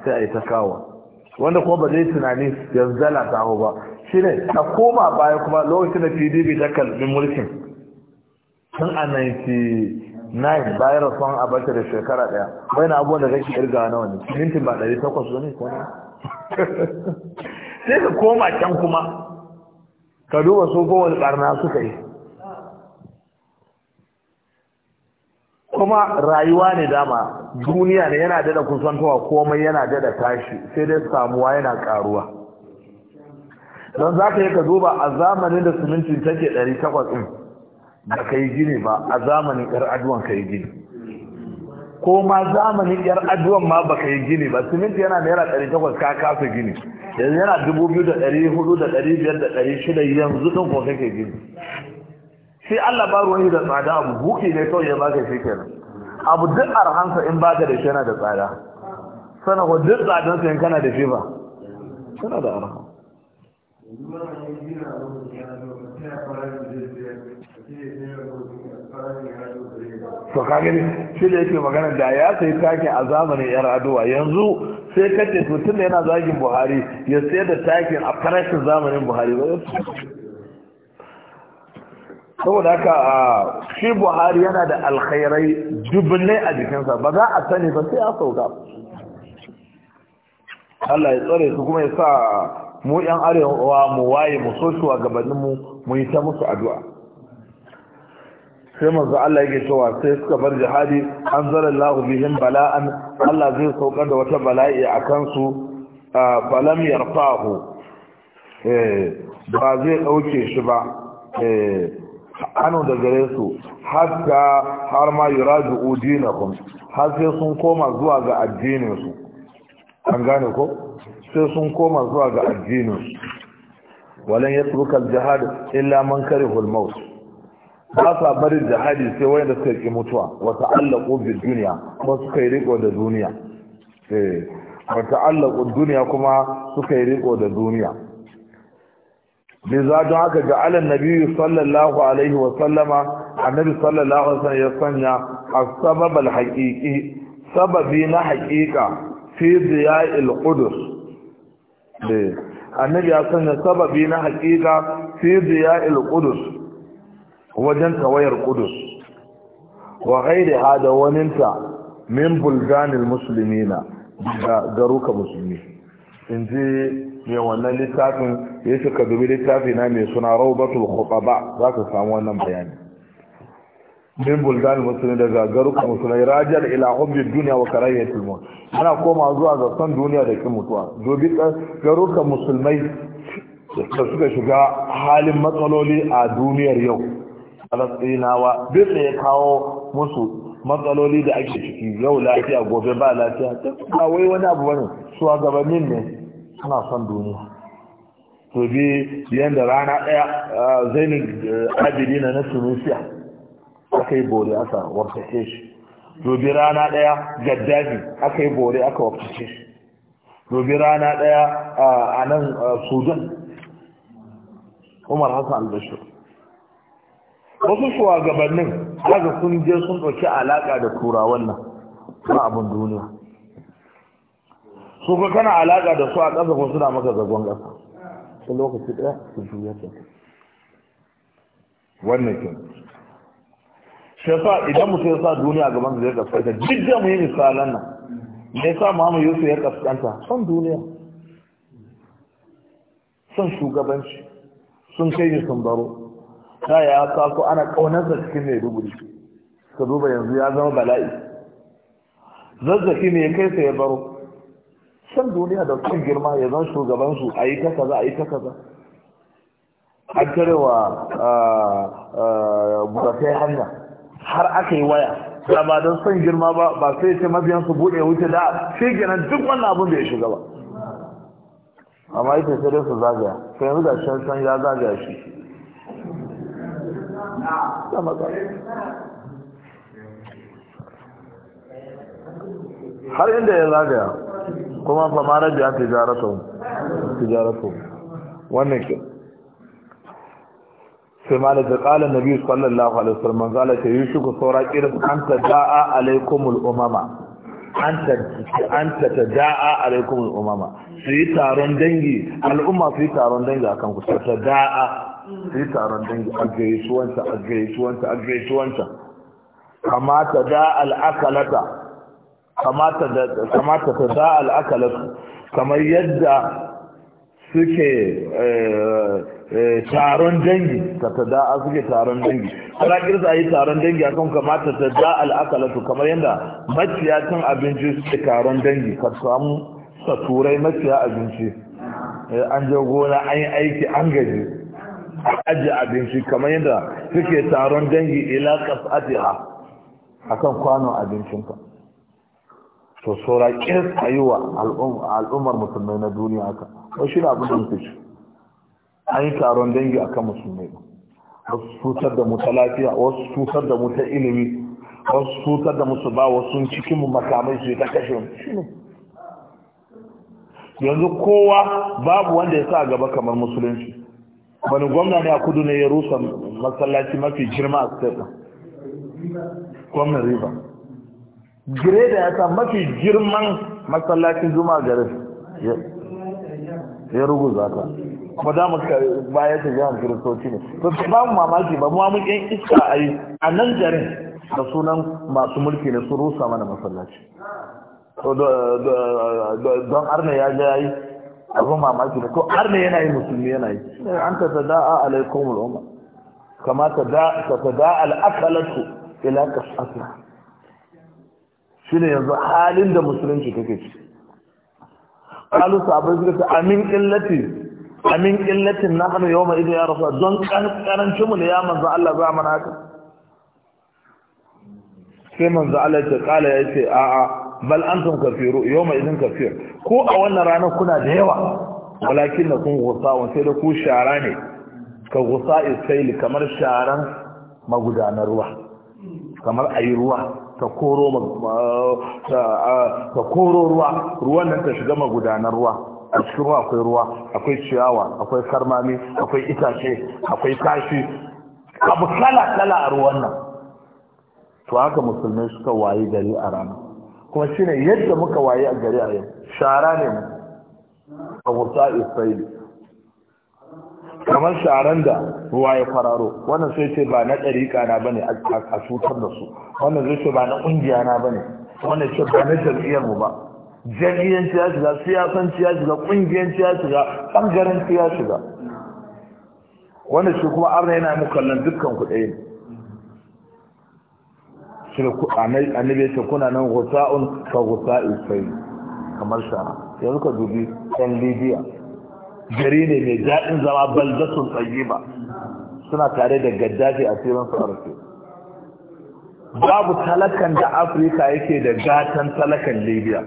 sai a yi ta kawo wanda kuma ba zai tunani yanzu zala ta hau ba shi ne ta koma baya kuma lokacin da pdp ta kalbi mulkin tun a 99 bayan rasuwan abarta da shekara daya bai na abubuwan da kake irga na wani mintin ba 800 ne ko ne sai ka koma can kuma ka duba su kowane barna suka yi kuma rayuwa ne dama duniya ne yana dada kusantowa komai yana dada tashi sai dai samuwa yana karuwa don za ka yi ka duba a zamanin da simintin take 800 ɗin ba ka yi gini ba a zamanin 'yar aduwan ka yi gini ko ma zamanin yar addu'an ma baka yi gini ba siminti yana naira ɗari takwas ka kasa gini yanzu yana dubu biyu da ɗari hudu da ɗari biyar da ɗari shida yanzu ɗin ko kake gini sai Allah ba ruwan da tsada abu buki ne kawai ya baka shi kenan abu duk arhansa in ba ka da shi yana da tsada sana ko duk tsadan sa in kana da shi ba Kana da arha Thank you. to ka gani shi da yake magana da ya sayi takin a zamanin yar aduwa yanzu sai kace ce to yana zagin buhari ya sayar da takin a farashin zamanin buhari ba saboda haka shi buhari yana da alkhairai dubunai a jikinsa ba za a sani ba sai a sauka Allah ya tsare su kuma ya sa mu 'yan arewa mu waye mu so gabaninmu mu yi ta musu addu'a sai manzo Allah yake cewa sai suka bar jihadi anzalallahu bihim bala'an Allah zai saukar da wata bala'i a kansu falam yarfahu eh, ba zai dauke shi ba eh, anu da gare su hatta har ma yuraju udinakum har sai sun koma zuwa ga addinin su an gane ko sai sun koma zuwa ga addinin su walan yatruka aljihad illa man karihul al ba sa barin jihadi sai wanda suka yi mutuwa wa ta'allaqu bil dunya kuma suka yi riko da duniya eh wa ta'allaqu dunya kuma suka yi riko da duniya bi za don haka ga alan nabi sallallahu alaihi wa sallama annabi sallallahu alaihi wa sallam ya sanya asbab al-haqiqi sababi na haqiqa fi al qudus eh, annabi ya sanya sababi na haqiqa fi al qudus wajen kawayar kudus wa ghairi hada waninta min bulganil musulmina da garuka musulmi in ji mai wannan littafin ya ce ka dubi littafi na mai suna raubatul ba? za ka samu wannan bayani min bulganil musulmi daga garuka musulmi rajar ila hubbi duniya wa ya filmo ana koma zuwa ga son duniya da kin mutuwa dubi garuka musulmai da suka shiga halin matsaloli a duniyar yau falastinawa duk ne ya kawo musu matsaloli da ake ciki yau lafiya gobe ba lafiya ta wai wani abu bane gabanin ne suna son duniya to bi yanda rana daya zainul eh, abidina na tunisia aka yi bore aka wakace shi bi rana daya gaddafi aka yi bore aka wakace shi bi rana daya a nan sudan umar hassan al-bashir wasu shugabannin daga sun je sun ɗauki alaƙa da turawan nan na abin duniya su ka kana alaƙa da su a ƙasa ko suna maka zagon ƙasa su lokaci ɗaya su juya ta wannan ke shi sa idan mutum ya sa duniya gaban zai ƙasƙanta duk da mu yi misalan nan me mu Muhammad Yusuf ya ƙasƙanta, son duniya son shugabanci sun kai sun baro ta ya ko ana ƙaunarsa cikin mai duburi ka duba yanzu ya zama bala'i zazzafi ne ya kai sai ya baro san duniya da kan girma ya zan shugabansu a yi ta kaza a yi ta kaza an tarewa buratai hanya har aka yi waya da ba don son girma ba ba sai ce mabiyansu buɗe wuce da sai kenan duk wannan abin da ya shiga ba amma ita sai dai su zagaya sai yanzu da shan ya zagaya shi sama har inda ya zagaya kuma famarar da an tijaratu wannan ke sai ma da ƙalar na biyu sallallahu alaihi wasallam zala ta yi shuku saura kira an ta da'a alaikumul umama an ta ta da'a alaikumul umama su yi taron dangi al'umma su yi taron dangi akan ku ta da'a sai taron dangi a gaisuwanta a gaisuwanta a gaisuwanta kamata da al'akalata kamata ta da al'akalata kamar yadda suke eh, eh, taron dangi ka ta a suke taron dangi ana kirsa a yi taron dangi akan kamata ta da al'akalatu kamar yadda maciya cin abinci suke taron dangi ka samu saturai maciya abinci eh, an je gona an yi aiki an gaji aji abinci kamar yadda suke taron dangi ila kasatiha akan kwanon abincinka to saura kirs a yi wa al'ummar musulmai na duniya haka ko shi abin da muke ci an yi taron dangi akan musulmai wasu cutar da mu ta lafiya wasu cutar da mu ta ilimi wasu cutar da mu su ba wasu cikin mu makamai su ta kashe mu yanzu kowa babu wanda ya sa gaba kamar musulunci wani gwamna ne a kudu ne ya rusa masallaci mafi girma a state gwamnan riba greda ya sa mafi girman masallacin juma'a garin ya za ta kuma da mu baya ta jihar kiristoci ne to ba mu mamaki ba mu mun yan iska a yi a nan garin da sunan masu mulki ne su rusa mana masallaci don arna ya ga yi. abin mamaki da ko har ne yana yi musulmi yana yi eh, an ta sada'a alaikum al'umma kama ta sada'a al'akalatu ila kasasa shi ne yanzu halin da musulunci take ci ƙalu sabai suka ta amin illati amin illati na hannu yau mai idan ya rasu don ƙarancin mu ne ya manzo Allah za mana haka sai manzo Allah ya ce ƙala ya ce a'a bal antum kafiru yawma idin kafir ko a wannan ranar kuna da yawa walakin na kun gusa wa sai da ku shara ne ka gusa isaili kamar sharan magudanar ruwa kamar ayi ruwa ta koro ruwa ruwan nan ta shiga magudanar ruwa a cikin ruwa akwai ruwa akwai ciyawa akwai karmami akwai itace akwai kashi abu kala-kala a ruwan nan to haka musulmai suka wayi gari a rana kuma shi ne yadda muka waye a gari a yau shara ne mu a wuta isra'il kamar sharan da ruwa ya fararo wannan sai ce ba na ɗariƙa na bane a cutar da su wannan zai ce ba na ƙungiya na bane wannan ce ba na jam'iyyar mu ba jam'iyyanci ya shiga siyasanci ya shiga ƙungiyar ya shiga ɓangaren ya shiga wannan shi kuma arna yana mu kallon dukkan kuɗi ne shi annabi ce kuna nan gusa'un ka gusa'i sai kamar shara yanzu ka dubi ɗan libya gari ne mai daɗin zama tsaye ba suna tare da gaddafi a filin su babu talakan da afirka yake da gatan talakan libya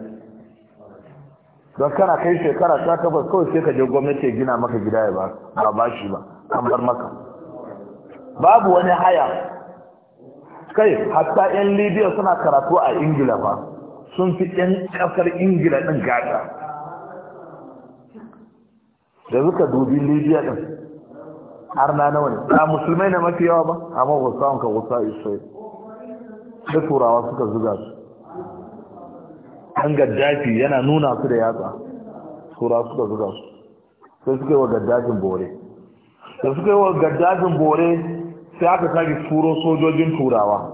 don kana kai shekara ta kafa kawai sai ka je gwamnati gina maka gida ya ba ba shi ba an bar maka babu wani haya kai hatta 'yan libya suna karatu a ingila ba sun fi 'yan kasar ingila ɗin gada da suka dubi libya ɗin har na nawa ne a musulmai na mafi yawa ba amma ba samun ka wasu israel da turawa suka zuga su an gaddafi yana nuna su da yatsa turawa suka zuga su sai suka yi wa gaddafin bore da suka yi wa gaddafin bore sai aka sake turo sojojin turawa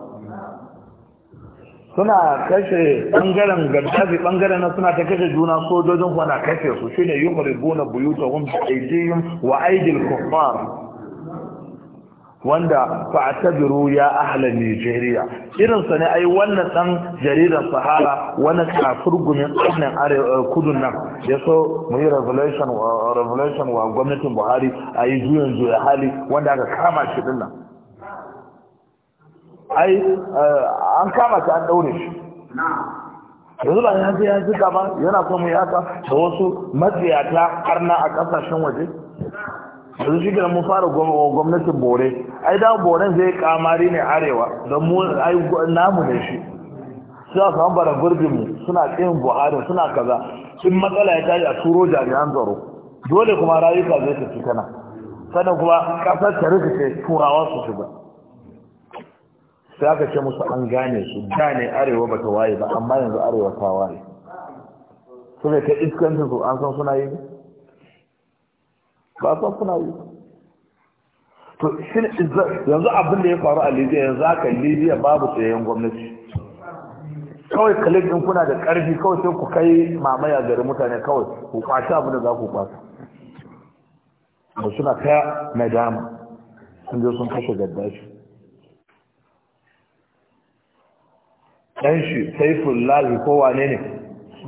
suna kashe bangaren gaddafi bangaren na suna ta kashe juna sojojin kwana kashe su shine yumribuna buyuta bi aydihim wa aigil kufar wanda fa'tabiru ya ahla Nigeria irin ne ai wannan dan jaridar Sahara wani kafir gumin kudu eh, kudun nan ya so mu yi revolution wa gwamnatin Buhari a yi juyin juya hali wanda aka kama shi dinnan ai eh, an kama ta an daure shi yanzu ba ya ce ya yana son mu yaka da wasu matsiyata karna a kasashen waje yanzu shi mun fara gwamnatin bore ai da boren zai kamari ne arewa don mu ai namu ne shi suna samun bara gurbinmu suna tsayin buhari suna kaza in matsala ya tashi a turo jami'an tsaro dole kuma rayuka zai tafi kana sannan kuma kasar ta rikice turawa su shiga sai aka ce musu an gane su da ne arewa ba ta waye ba amma yanzu arewa ta waye su ne ta iskantin su an san suna yi ba san suna yi to yanzu abin da ya faru a libya yanzu haka libya babu tsayayen gwamnati kawai kalin din kuna da karfi kawai sai ku kai mamaya gari mutane kawai ku kwashe abin da za ku kwasa ba suna ta nadama sun je sun kashe gaddashi. ɗan shi lafi ko wane ne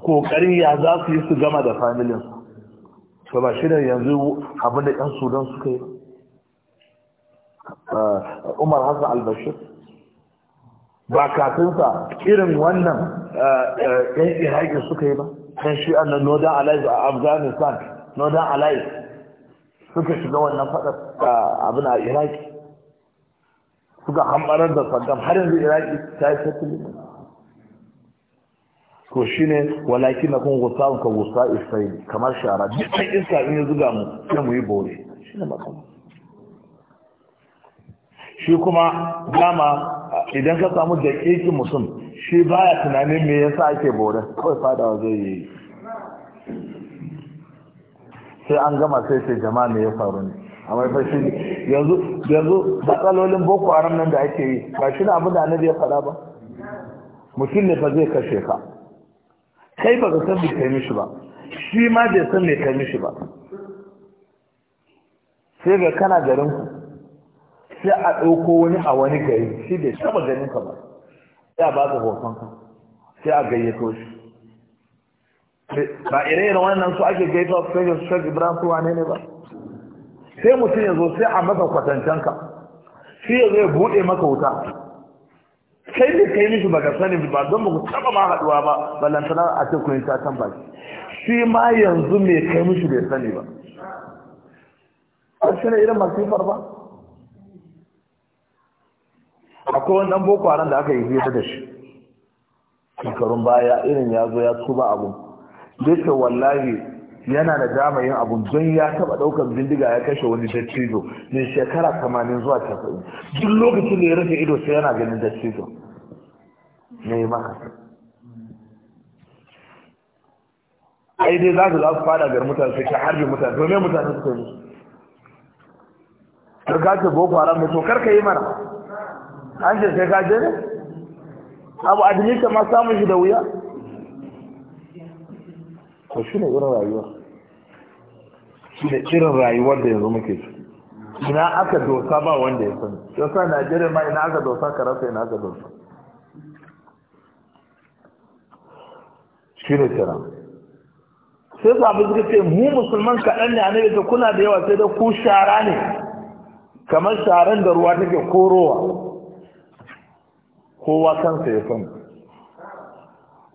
ƙoƙarin ya za su yi su gama da familinsu to ba shi da yanzu abinda ƴan sudan suka yi ah, umar hassan albashir ba kafinsa irin wannan 'yan ah, ah, iraki suka yi ba ɗan shi an na northern alliance a afghanistan northern alliance suka shiga wannan faɗar abin a iraki suka hamɓarar da saddam har yanzu iraki ta yi sattalin to shine walakin na kun gusa ka gusa isai kamar shara dukkan iska in ya zuga mu sai mu yi bore shine matsala shi kuma dama idan ka samu daƙiƙi mutum shi baya tunanin me yasa ake bore kawai fadawa zai yi sai an gama sai sai jama'a me ya faru ne amma fa shi yanzu yanzu matsalolin boko haram nan da ake yi ba shi na abin da annabi ya faɗa ba mutum ne fa zai kashe ka kai ba ka san mai kai mishi ba shi ma bai san mai kai mishi ba sai ga kana garin ku sai a ɗauko wani a wani gari shi bai taɓa ganin ka ba sai a ba ka hoton ka sai a gayyato shi ba ire-iren wannan su ake gaita su kai su shag ibrahim su wane ne ba sai mutum ya zo sai a masa ka shi ya zo ya buɗe maka wuta kai ne kai ba baka sani ba don ba ku taba ma haduwa ba ballantana a ce kun ta san shi ma yanzu me kai mishi bai sani ba a shi ne irin masifar ba akwai wani boko haram da aka yi hira da shi shekarun baya irin ya zo ya tuba abu da wallahi yana da dama yin abu don ya taba daukar bindiga ya kashe wani dattijo ne shekara 80 zuwa 90 duk lokacin da ya rufe ido sai yana ganin dattijo na yi maka ai dai za su za su fada gar mutane sai ka harbi mutane domin mutane su kai musu ka ce boko haram ne to ka yi mana an ce sai ka je ne abu admita ma samun shi da wuya to shi ne irin rayuwa shi ne irin rayuwa da yanzu muke su ina aka dosa ba wanda ya sani sa najeriya ma ina aka dosa ka rasa ina aka dosa shi ne kira sai sabi suka ce mu musulman kaɗan ne a ne da kuna da yawa sai da ku shara ne kamar sharan da ruwa take korowa kowa kansa ya san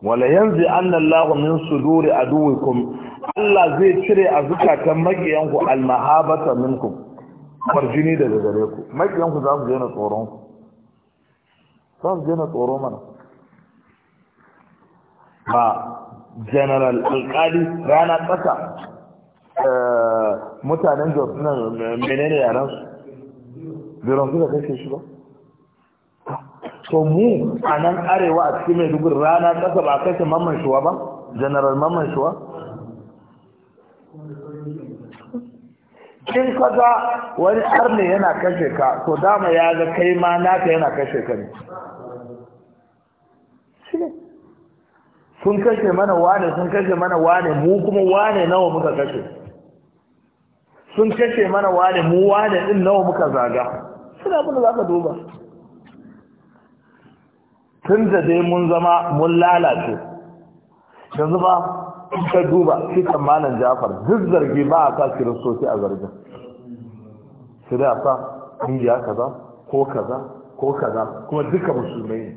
wala yanzu annallahu min suduri aduwikum Allah zai cire a zukatan ku almahabata minkum farjini daga gare ku ku za su daina tsoron ku za su daina tsoro mana ba general alkali rana ƙasa eh, mutanen jos na menene yaran su biron suka kashe shi ba to mu a nan arewa a cikin maiduguri rana ƙasa ba kashe mamman shuwa ba general mamman shuwa kin ka wani arne yana kashe ka to dama ya ga kai ma naka yana kashe ka ne sun kashe mana wane sun kashe mana wane mu kuma wane nawa muka kashe sun kashe mana wane mu wane din nawa muka zaga suna abin da za ka duba tun da dai mun zama mun lalace yanzu ba ka duba shi malam jafar duk zargi ba a sa kiristoci a zargin su da sa ƙungiya kaza ko kaza ko kaza kuma duka musulmai ne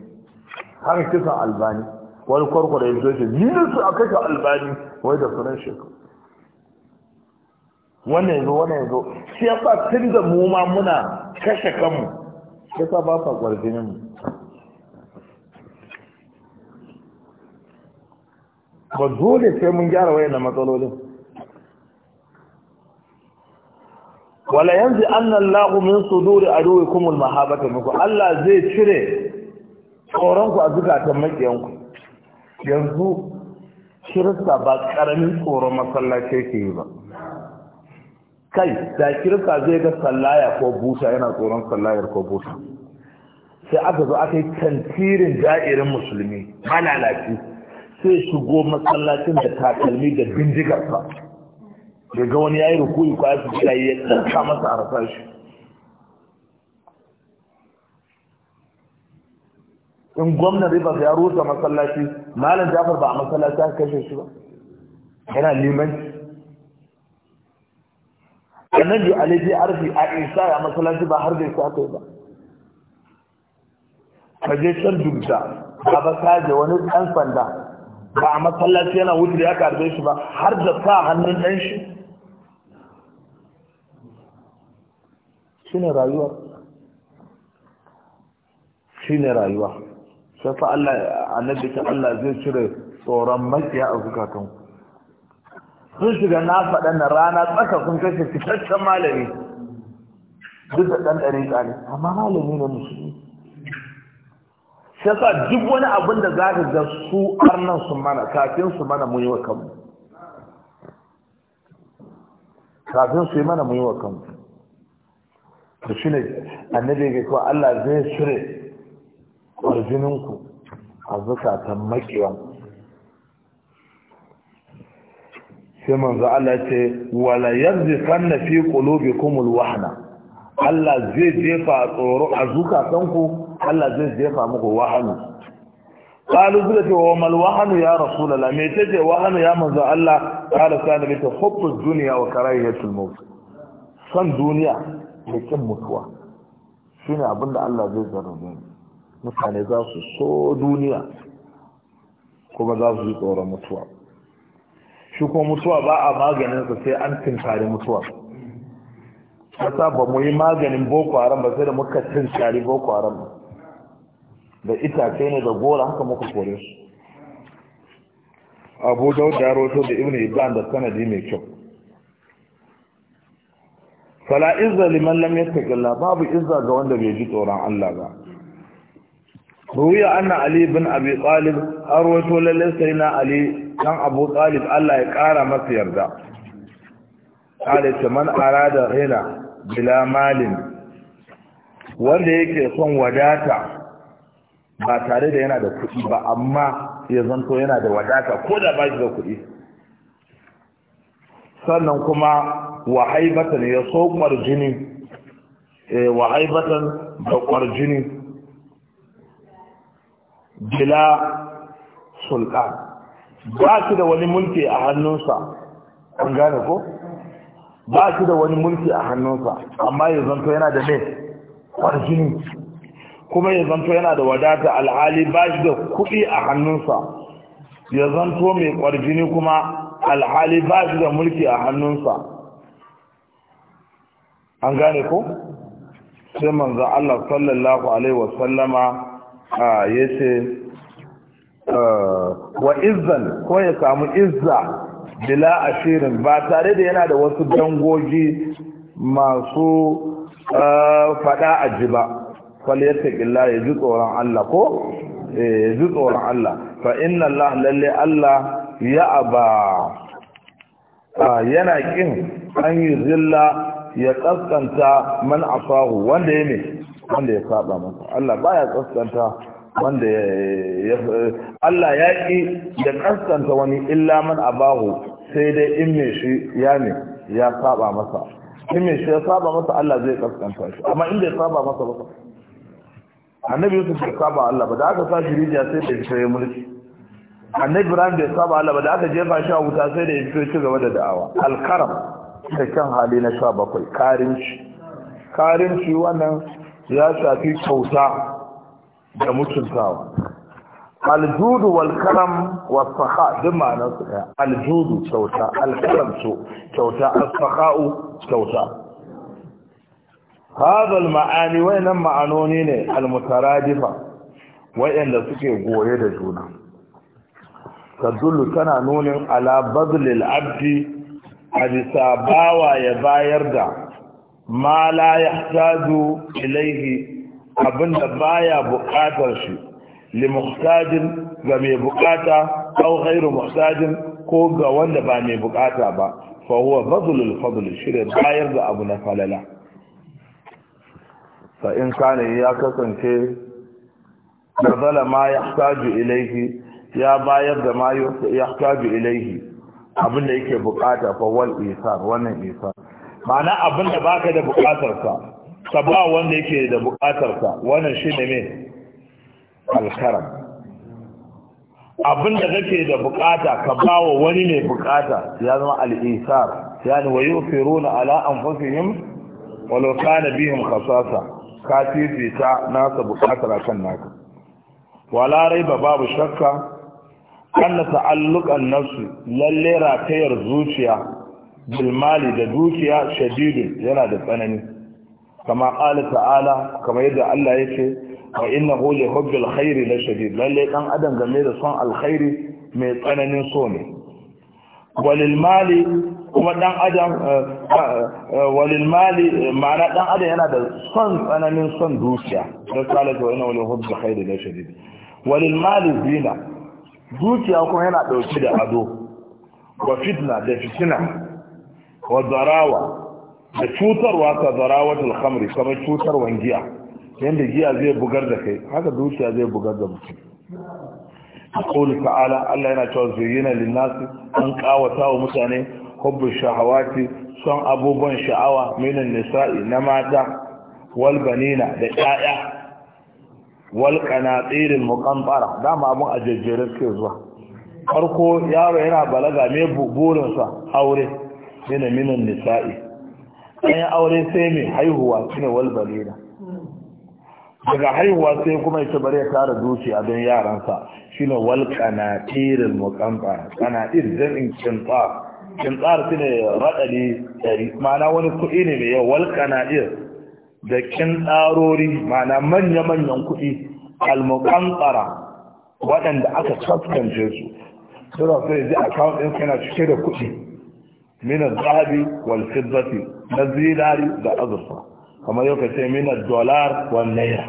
har kisan albani wani kwarkwara ya zoce jinin su a kashe albani wai da sunan shekaru wannan yanzu wannan yanzu shi ya sa tun da mu ma muna kashe kanmu shi sa ba sa kwarjinin mu ba dole sai mun gyara wayan matsalolin wala yanzu annan lahu min suduri kuma almahabata muku Allah zai cire tsoronku a zukatan makiyan yanzu kirista ba karamin tsoron masallaci yake yi ba kai da kirista zai ga sallaya ko buta yana tsoron sallayar ko buta sai aka zo aka yi tantirin da'irin musulmi malalaci sai shigo masallacin da takalmi da bindigarsa da ga wani yayi rukuni ko aiki da ya tsarka masa a rasa shi in gwamnan rivers ya rusa masallaci malam jafar ba a masallaci ta kashe shi ba yana limanci da alaji arfi a isa ya masallaci ba har da isa aka yi ba kaje can dubda ba ba kaje wani ɗan sanda ba a masallaci yana wuce aka ya karbe shi ba har da sa hannun ɗan shi shine rayuwa shine rayuwa shafa Allah annabi ta Allah zai cire tsoron makiya a zukatan sun shiga na faɗa na rana tsaka sun kashe fitaccen malami duk da ɗan ɗari tsari amma malami ne musulmi shafa duk wani abin da za ka ga su arnan su mana kafin su mana mu yi wa kanmu kafin su yi mana mu yi wa kanmu to shi ne annabi ga kuwa Allah zai cire ƙwarjininku a zukatan makiwan sai manzo Allah ce wala yanzu fanna fi qulubikumul wahna Allah zai jefa tsoro a zukatanku Allah zai jefa muku wahana. qalu da ce wa mal wahana ya rasulullah me tace wahana ya manzo Allah qala kana bi hubbu dunya wa karahiyatul maut san duniya da kin mutuwa shine abinda Allah zai zarrabe mutane za su so duniya kuma za su yi tsoron mutuwa shi kuma mutuwa ba a maganin su sai an tinkari mutuwa kasa ba mu yi maganin boko haram ba sai da muka tinkari boko haram ba da itace ne da gora haka muka kore su abu daud ya rawato da ibn ibn da sanadi mai kyau fala izza liman lam yattaqilla babu izza ga wanda bai ji tsoron Allah ba ruwiya anna ali bin abi talib an rawaito lalle sai na ali dan abu talib Allah ya kara masa yarda kale ce man arada rina bila malin wanda yake son wadata ba tare da yana da kuɗi ba amma ya zanto yana da wadata ko da ba shi da kuɗi sannan kuma wahaibatan ya so jini eh, wahaibatan da jini bila sultan ba shi da wani mulki a hannunsa an gane ko ba shi da wani mulki a hannunsa amma ya zanto yana da ne kwarjini kuma ya zanto yana da wadata alhali ba shi da kuɗi a hannunsa ya zanto mai kwarjini kuma alhali ba shi da mulki a hannunsa an gane ko sai manzo Allah sallallahu alaihi wasallama a ah, yace ah, wa izzan ko ya samu izza bila asirin ba tare da yana da wasu dangogi masu ah, fada a ji ba falyattaqillah ya ji tsoron Allah ko eh, ya ji tsoron Allah fa inna Allah lalle Allah ya aba yana kin an yi zilla ya kaskanta man asahu wanda ya ne wanda ya saba masa Allah baya kaskanta wanda ya Allah ya ki ya kaskanta wani illa man abahu sai dai in me shi ya ne ya saba masa in me shi ya saba masa Allah zai kaskanta shi amma in ya saba masa ba annabi Yusuf bai saba Allah ba da aka sa shi rijiya sai da shi mulki annabi Ibrahim bai saba Allah ba da aka jefa shi a wuta sai da ya fito ci gaba da da'awa alkaram da kyan hali na sha bakwai karinci karinci wannan ya shafi kyauta da mutuntawa aljudu wal karam was saha duk ma'anar su daya aljudu kyauta alkaram so kyauta as kyauta hadha al-ma'ani wayannan ma'anoni ne al-mutaradifa wayanda suke goye da juna tadullu tana nunin ala badlil abdi bisa bawa ya bayar da ma la yahtaju ilaihi abinda baya buƙatar shi li muhtajin ga mai bukata ko ghairu muhtajin ko ga wanda ba mai bukata ba fa huwa fadlul fadl shirin bayar da abu na falala fa in kana ya kasance nazala ma yahtaju ilaihi ya bayar da ma yahtaju ilaihi abinda yake buƙata fa wal isar wannan isar mana abin da baka da bukatarsa ka ba wanda yake da bukatarsa wannan shi ne mai alkaram abin da kake da bukata ka ba wa wani mai bukata ya zama al'isar yani wa yufiruna ala anfusihim walau kana bihim khasasa ka fifita nasa bukatar akan naka wala ba babu shakka ta'allukan ta'alluqan nafsi lalle ratayar zuciya bilmali da dukiya shadidu yana da tsanani kama ƙala ta'ala kama yadda Allah ya ce wa inna hu li hubbil khairi la shadid lalle dan adam game da son alkhairi mai tsananin so ne walil mali kuma dan adam eh, eh, eh, walil mali ma'ana dan adam yana da son tsananin son dukiya don sala wa inna li hubbil khairi la shadid walil mali zina dukiya kuma yana dauke da ado wa fitna da fitina wa zarawa da cutarwa ka da khamri kamar cutarwan giya yadda giya zai bugar da kai haka dukiya zai bugar da mutum a qul ta'ala Allah yana cewa zuyina linnasi an kawata wa mutane hubbu shahawati son abubuwan sha'awa minan nisa'i na mata wal banina da 'ya'ya wal qanatirin al da dama abun ajejjere suke zuwa farko yaro yana balaga me burinsa aure shine minan nisa'i ɗayan aure sai mai haihuwa shine walbalina daga haihuwa sai kuma ita bare ya tara a don yaransa shine walqanatirul muqamta qanatir zamin kintar kintar shine radali dari ma'ana wani kuɗi ne mai yawa walqanatir da kintarori ma'ana manya manyan kuɗi almuqantara waɗanda aka taskance su sura sai zai account ɗin kana cike da kuɗi min az-zahabi wal fiddati na zinari da azurfa kamar yau ka ce min ad-dollar wal naira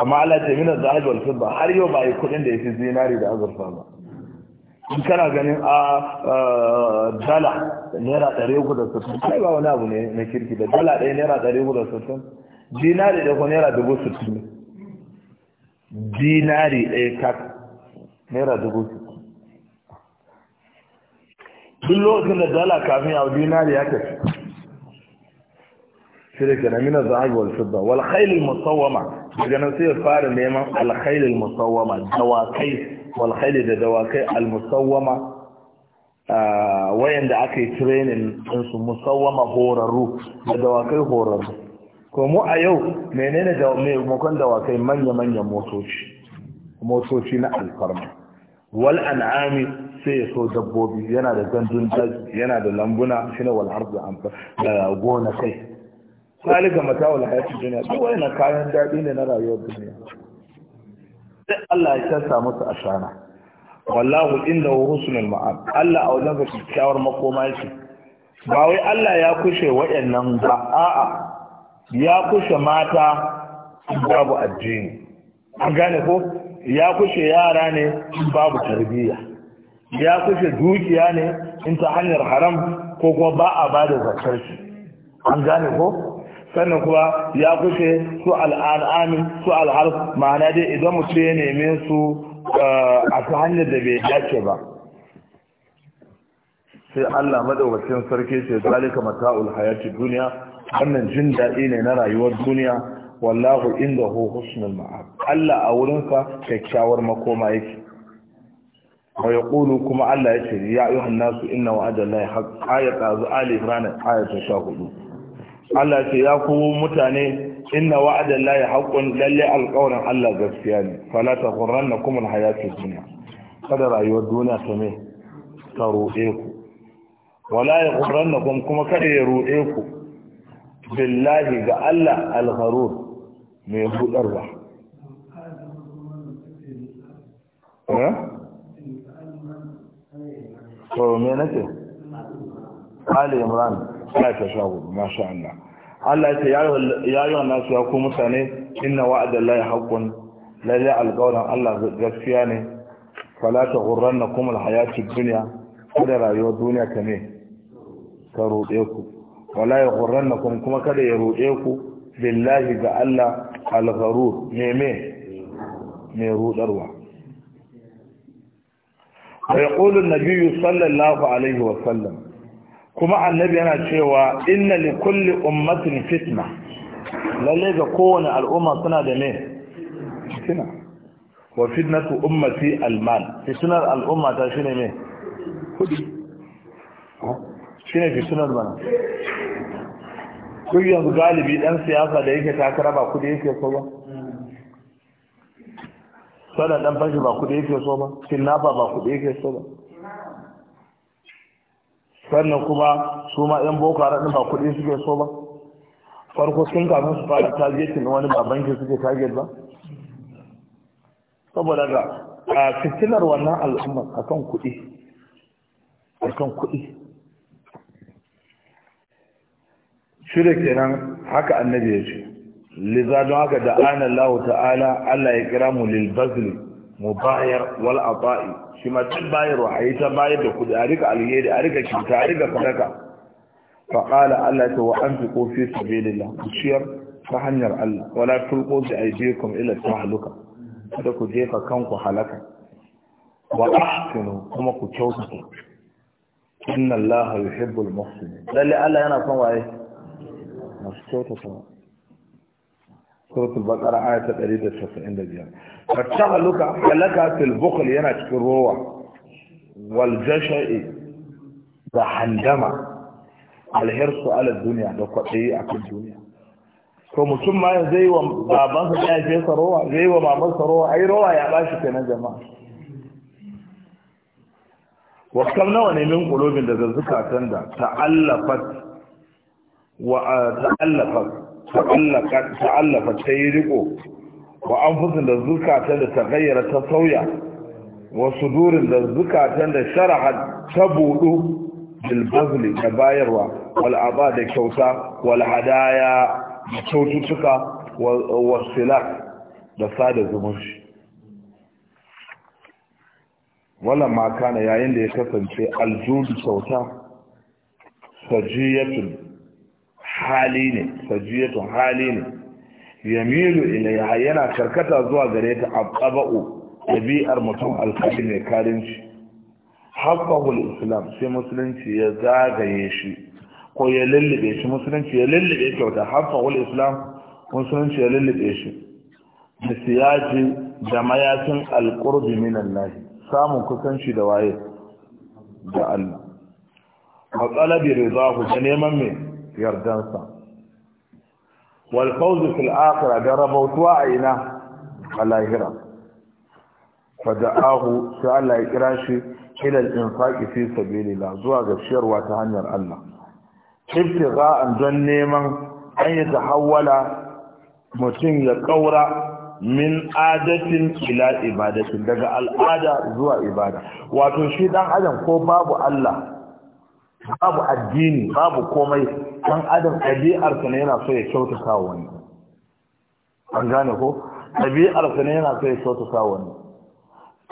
amma Allah ce min az-zahabi wal fidda har yau ba yi kudin da yake zinari da azurfa ba in kana ganin a dala naira ɗari uku da sittin kai ba wani abu ne na kirki da dala ɗaya naira ɗari uku da sittin dinari ɗaya ko naira dubu sittin dinari ɗaya kak naira dubu sittin duk lokacin da dala kafin a da ya tafi shi da ke namina zahabi wal fidda wal khailil musawwama daga nan sai fara neman al khailil musawwama dawakai wal khaili da dawakai al musawwama ah, wayanda aka yi training din su musawwama horarru da dawakai horarru ko mu a yau menene da mai mukon dawakai manya manyan motoci motoci na alfarma wal an'ami sai ya so dabbobi yana da gandun daji yana da lambuna shine wal ardu amfa da gona kai salika mata'ul hayati duniya. duk wannan kayan dadi ne na rayuwar duniya sai Allah ya tsasa musu ashana wallahu inda indahu husnul ma'ab Allah a wajen kyakkyawar makoma yake ba wai Allah ya kushe wayannan ba a'a ya kushe mata babu addini an gane ko ya kushe yara ne babu tarbiyya ya kushe dukiya ne in ta hanyar haram ko kuma ba a ba da zakar shi an gane ko sannan kuma ya kushe su al'amin su al'ar ma'ana dai idan mu ya neme su eh, a ta hanyar da bai dace ba sai Allah madawacin sarki ce zalika mata'ul hayati duniya wannan jin daɗi ne na rayuwar duniya wallahu indahu husnul ma'ab Allah a wurinsa kyakkyawar makoma yake wa yaqulu kuma Allah yace ya ayyuhan nasu inna wa'adallahi haqq ayat az ali imran ayat 14 Allah yace ya ku mutane inna wa'adallahi haqqun lalle alqawlan Allah gaskiya ne fala taghurrannakum alhayatud dunya kada rayuwar duniya ta me ta ruɗe ku wala yaghurrannakum kuma kada ya ruɗe ku billahi ga Allah algharur mai hudarwa eh? to me nake ali imran sai ta shawo masha Allah Allah ya ya yi wannan su ya ku mutane inna wa'ada lahi la lalle alqawlan Allah gaskiya ne fala ta ghurrannakum alhayatid dunya kada rayuwar duniya ta ne ta roɗe ku wala ya kum kuma kada ya rode ku billahi ga Allah algharur meme me rudarwa wa yaqulu an-nabiy sallallahu alaihi wa sallam kuma annabi yana cewa inna li kulli ummatin fitna lalle ga kowane al'umma suna da ne fitna wa fitnatu ummati al-mal fitnar al'umma ta shine me kudi shine fitnar bana kun yanzu galibi dan siyasa da yake takara ba kudi yake so ba sanan dan fashi ba kudi yake so ba kinnafa ba kudi yake so ba sannan kuma su ma yan boko haram ba kudi suke so ba farko sun kafin su fara targetin wani ba banki suke target ba saboda ga fitilar wannan al'ummar akan kudi akan kudi Shirya kenan haka annabi ya ce liza don haka da ana Allah ta'ala Allah ya kira mu lil bazli mu bayar wal ata'i shi ma tun bayarwa a yi ta bayar da kudi a rika alheri a rika kyauta a rika sadaka fa qala Allah ta wa anfiqu fi sabilillah ku ciyar ta hanyar Allah wala tulqu bi aydikum ila tahluka kada ku jefa kanku halaka wa ahsinu kuma ku kyautata inna Allah yuhibbul muhsinin lalle Allah yana son waye masu kyautata suratul baqara aya ta 195 fatahaluka halaka fil bukhl yana cikin rowa wal jasha'i da handama al hirsu ala dunya da kwadayi akan duniya to mutum ma zai wa babansa da ya fesa rowa zai wa babansa rowa ai rowa ya bashi kenan jama'a wasu nawa ne min kulobin daga zukatan da ta'allafat wa ta'allafa ta yi riko wa an fusun da zukatan da ta gayyara ta sauya wa sudurin da zukatan da shara'a ta buɗu bilbazli da bayarwa wal'aba da kyauta wal'adaya da kyaututtuka wa silak da sada zumunci wala makana yayin da ya kasance aljudu kyauta sajiyatun hali ne sajiyatun hali ne yamilu ilaiha yana karkata zuwa gare ta abqabu dabi'ar mutum alkali ne karinci haqqahu alislam sai musulunci ya zagaye shi ko ya lallabe shi musulunci ya lallabe shi kyauta haqqahu alislam musulunci ya lallabe shi da siyaji da mayakin alqurbi min allah samun kusanci da waye da Allah wa qala bi ridahu neman mai yardansa wal fawzu fil akhirah da rabautuwa a ina a lahira fada'ahu sai Allah ya kira shi ilal al-infaqi fi sabilillah zuwa ga ta hanyar Allah ibtigha'an don neman an yi tahawwala mutum ya kaura min adatin ila ibadatin daga al'ada zuwa ibada wato shi dan adam ko babu Allah babu addini babu komai dan adam ɗabi'arsa ne yana so ya kyautata wani an gane ko ɗabi'arsa ne yana so ya kyautata wani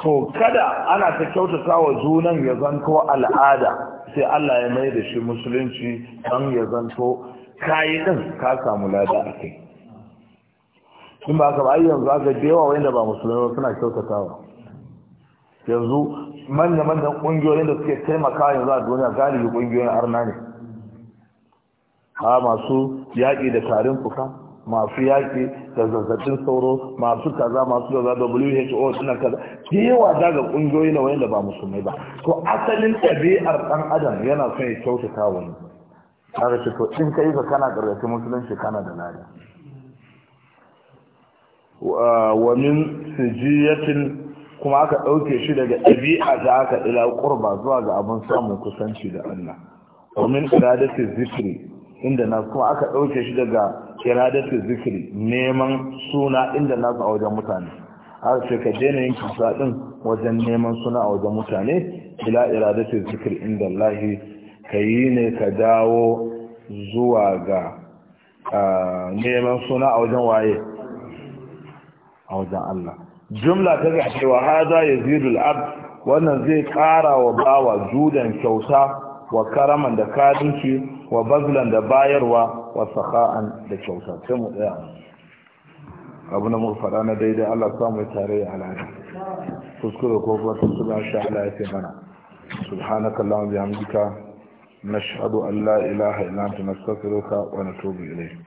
to kada ana ta kyautata wa junan ya zanto al'ada sai Allah ya mai da shi musulunci dan ya zanto kayi din ka samu lada a kai in ba ka ba yanzu aka da yawa wanda ba musulmai suna kyautatawa yanzu manya-manyan ƙungiyoyin da suke taimaka yanzu a duniya galibi ƙungiyoyin arna ne ha masu yaƙi da tarin fuka masu yaƙi da zazzabin sauro masu kaza masu kaza who suna kaza da yawa daga ƙungiyoyi na wani da ba musulmai ba to asalin ɗabi'ar ɗan adam yana son ya kyautata wani kaga ce to in kai ka kana ƙarƙashin musulunci kana da lada wa min sijiyatin kuma aka ɗauke shi daga ɗabi'a da aka ila ƙurba zuwa ga abin samun kusanci da Allah domin iradatu zikri inda na kuma aka ɗauke shi daga iradatu zikri neman suna inda na a wajen mutane har sai ka daina yin kusa ɗin wajen neman suna a wajen mutane ila iradatu zikri inda Allah ka yi ne ka dawo zuwa ga ah, neman suna a wajen waye a wajen Allah jumla ta ga cewa hada yazidul abd wannan zai kara wa bawa judan kyauta wa karaman da kadinci wa bazlan da bayarwa wa sakha'an da kyauta sai mu tsaya abu na mu faɗa na daidai Allah samu tare ya halaka kuskure ko kuma tuntuna sha Allah ya ce mana subhanaka allahumma bihamdika nashhadu an la ilaha illa anta nastaghfiruka wa natubu ilayk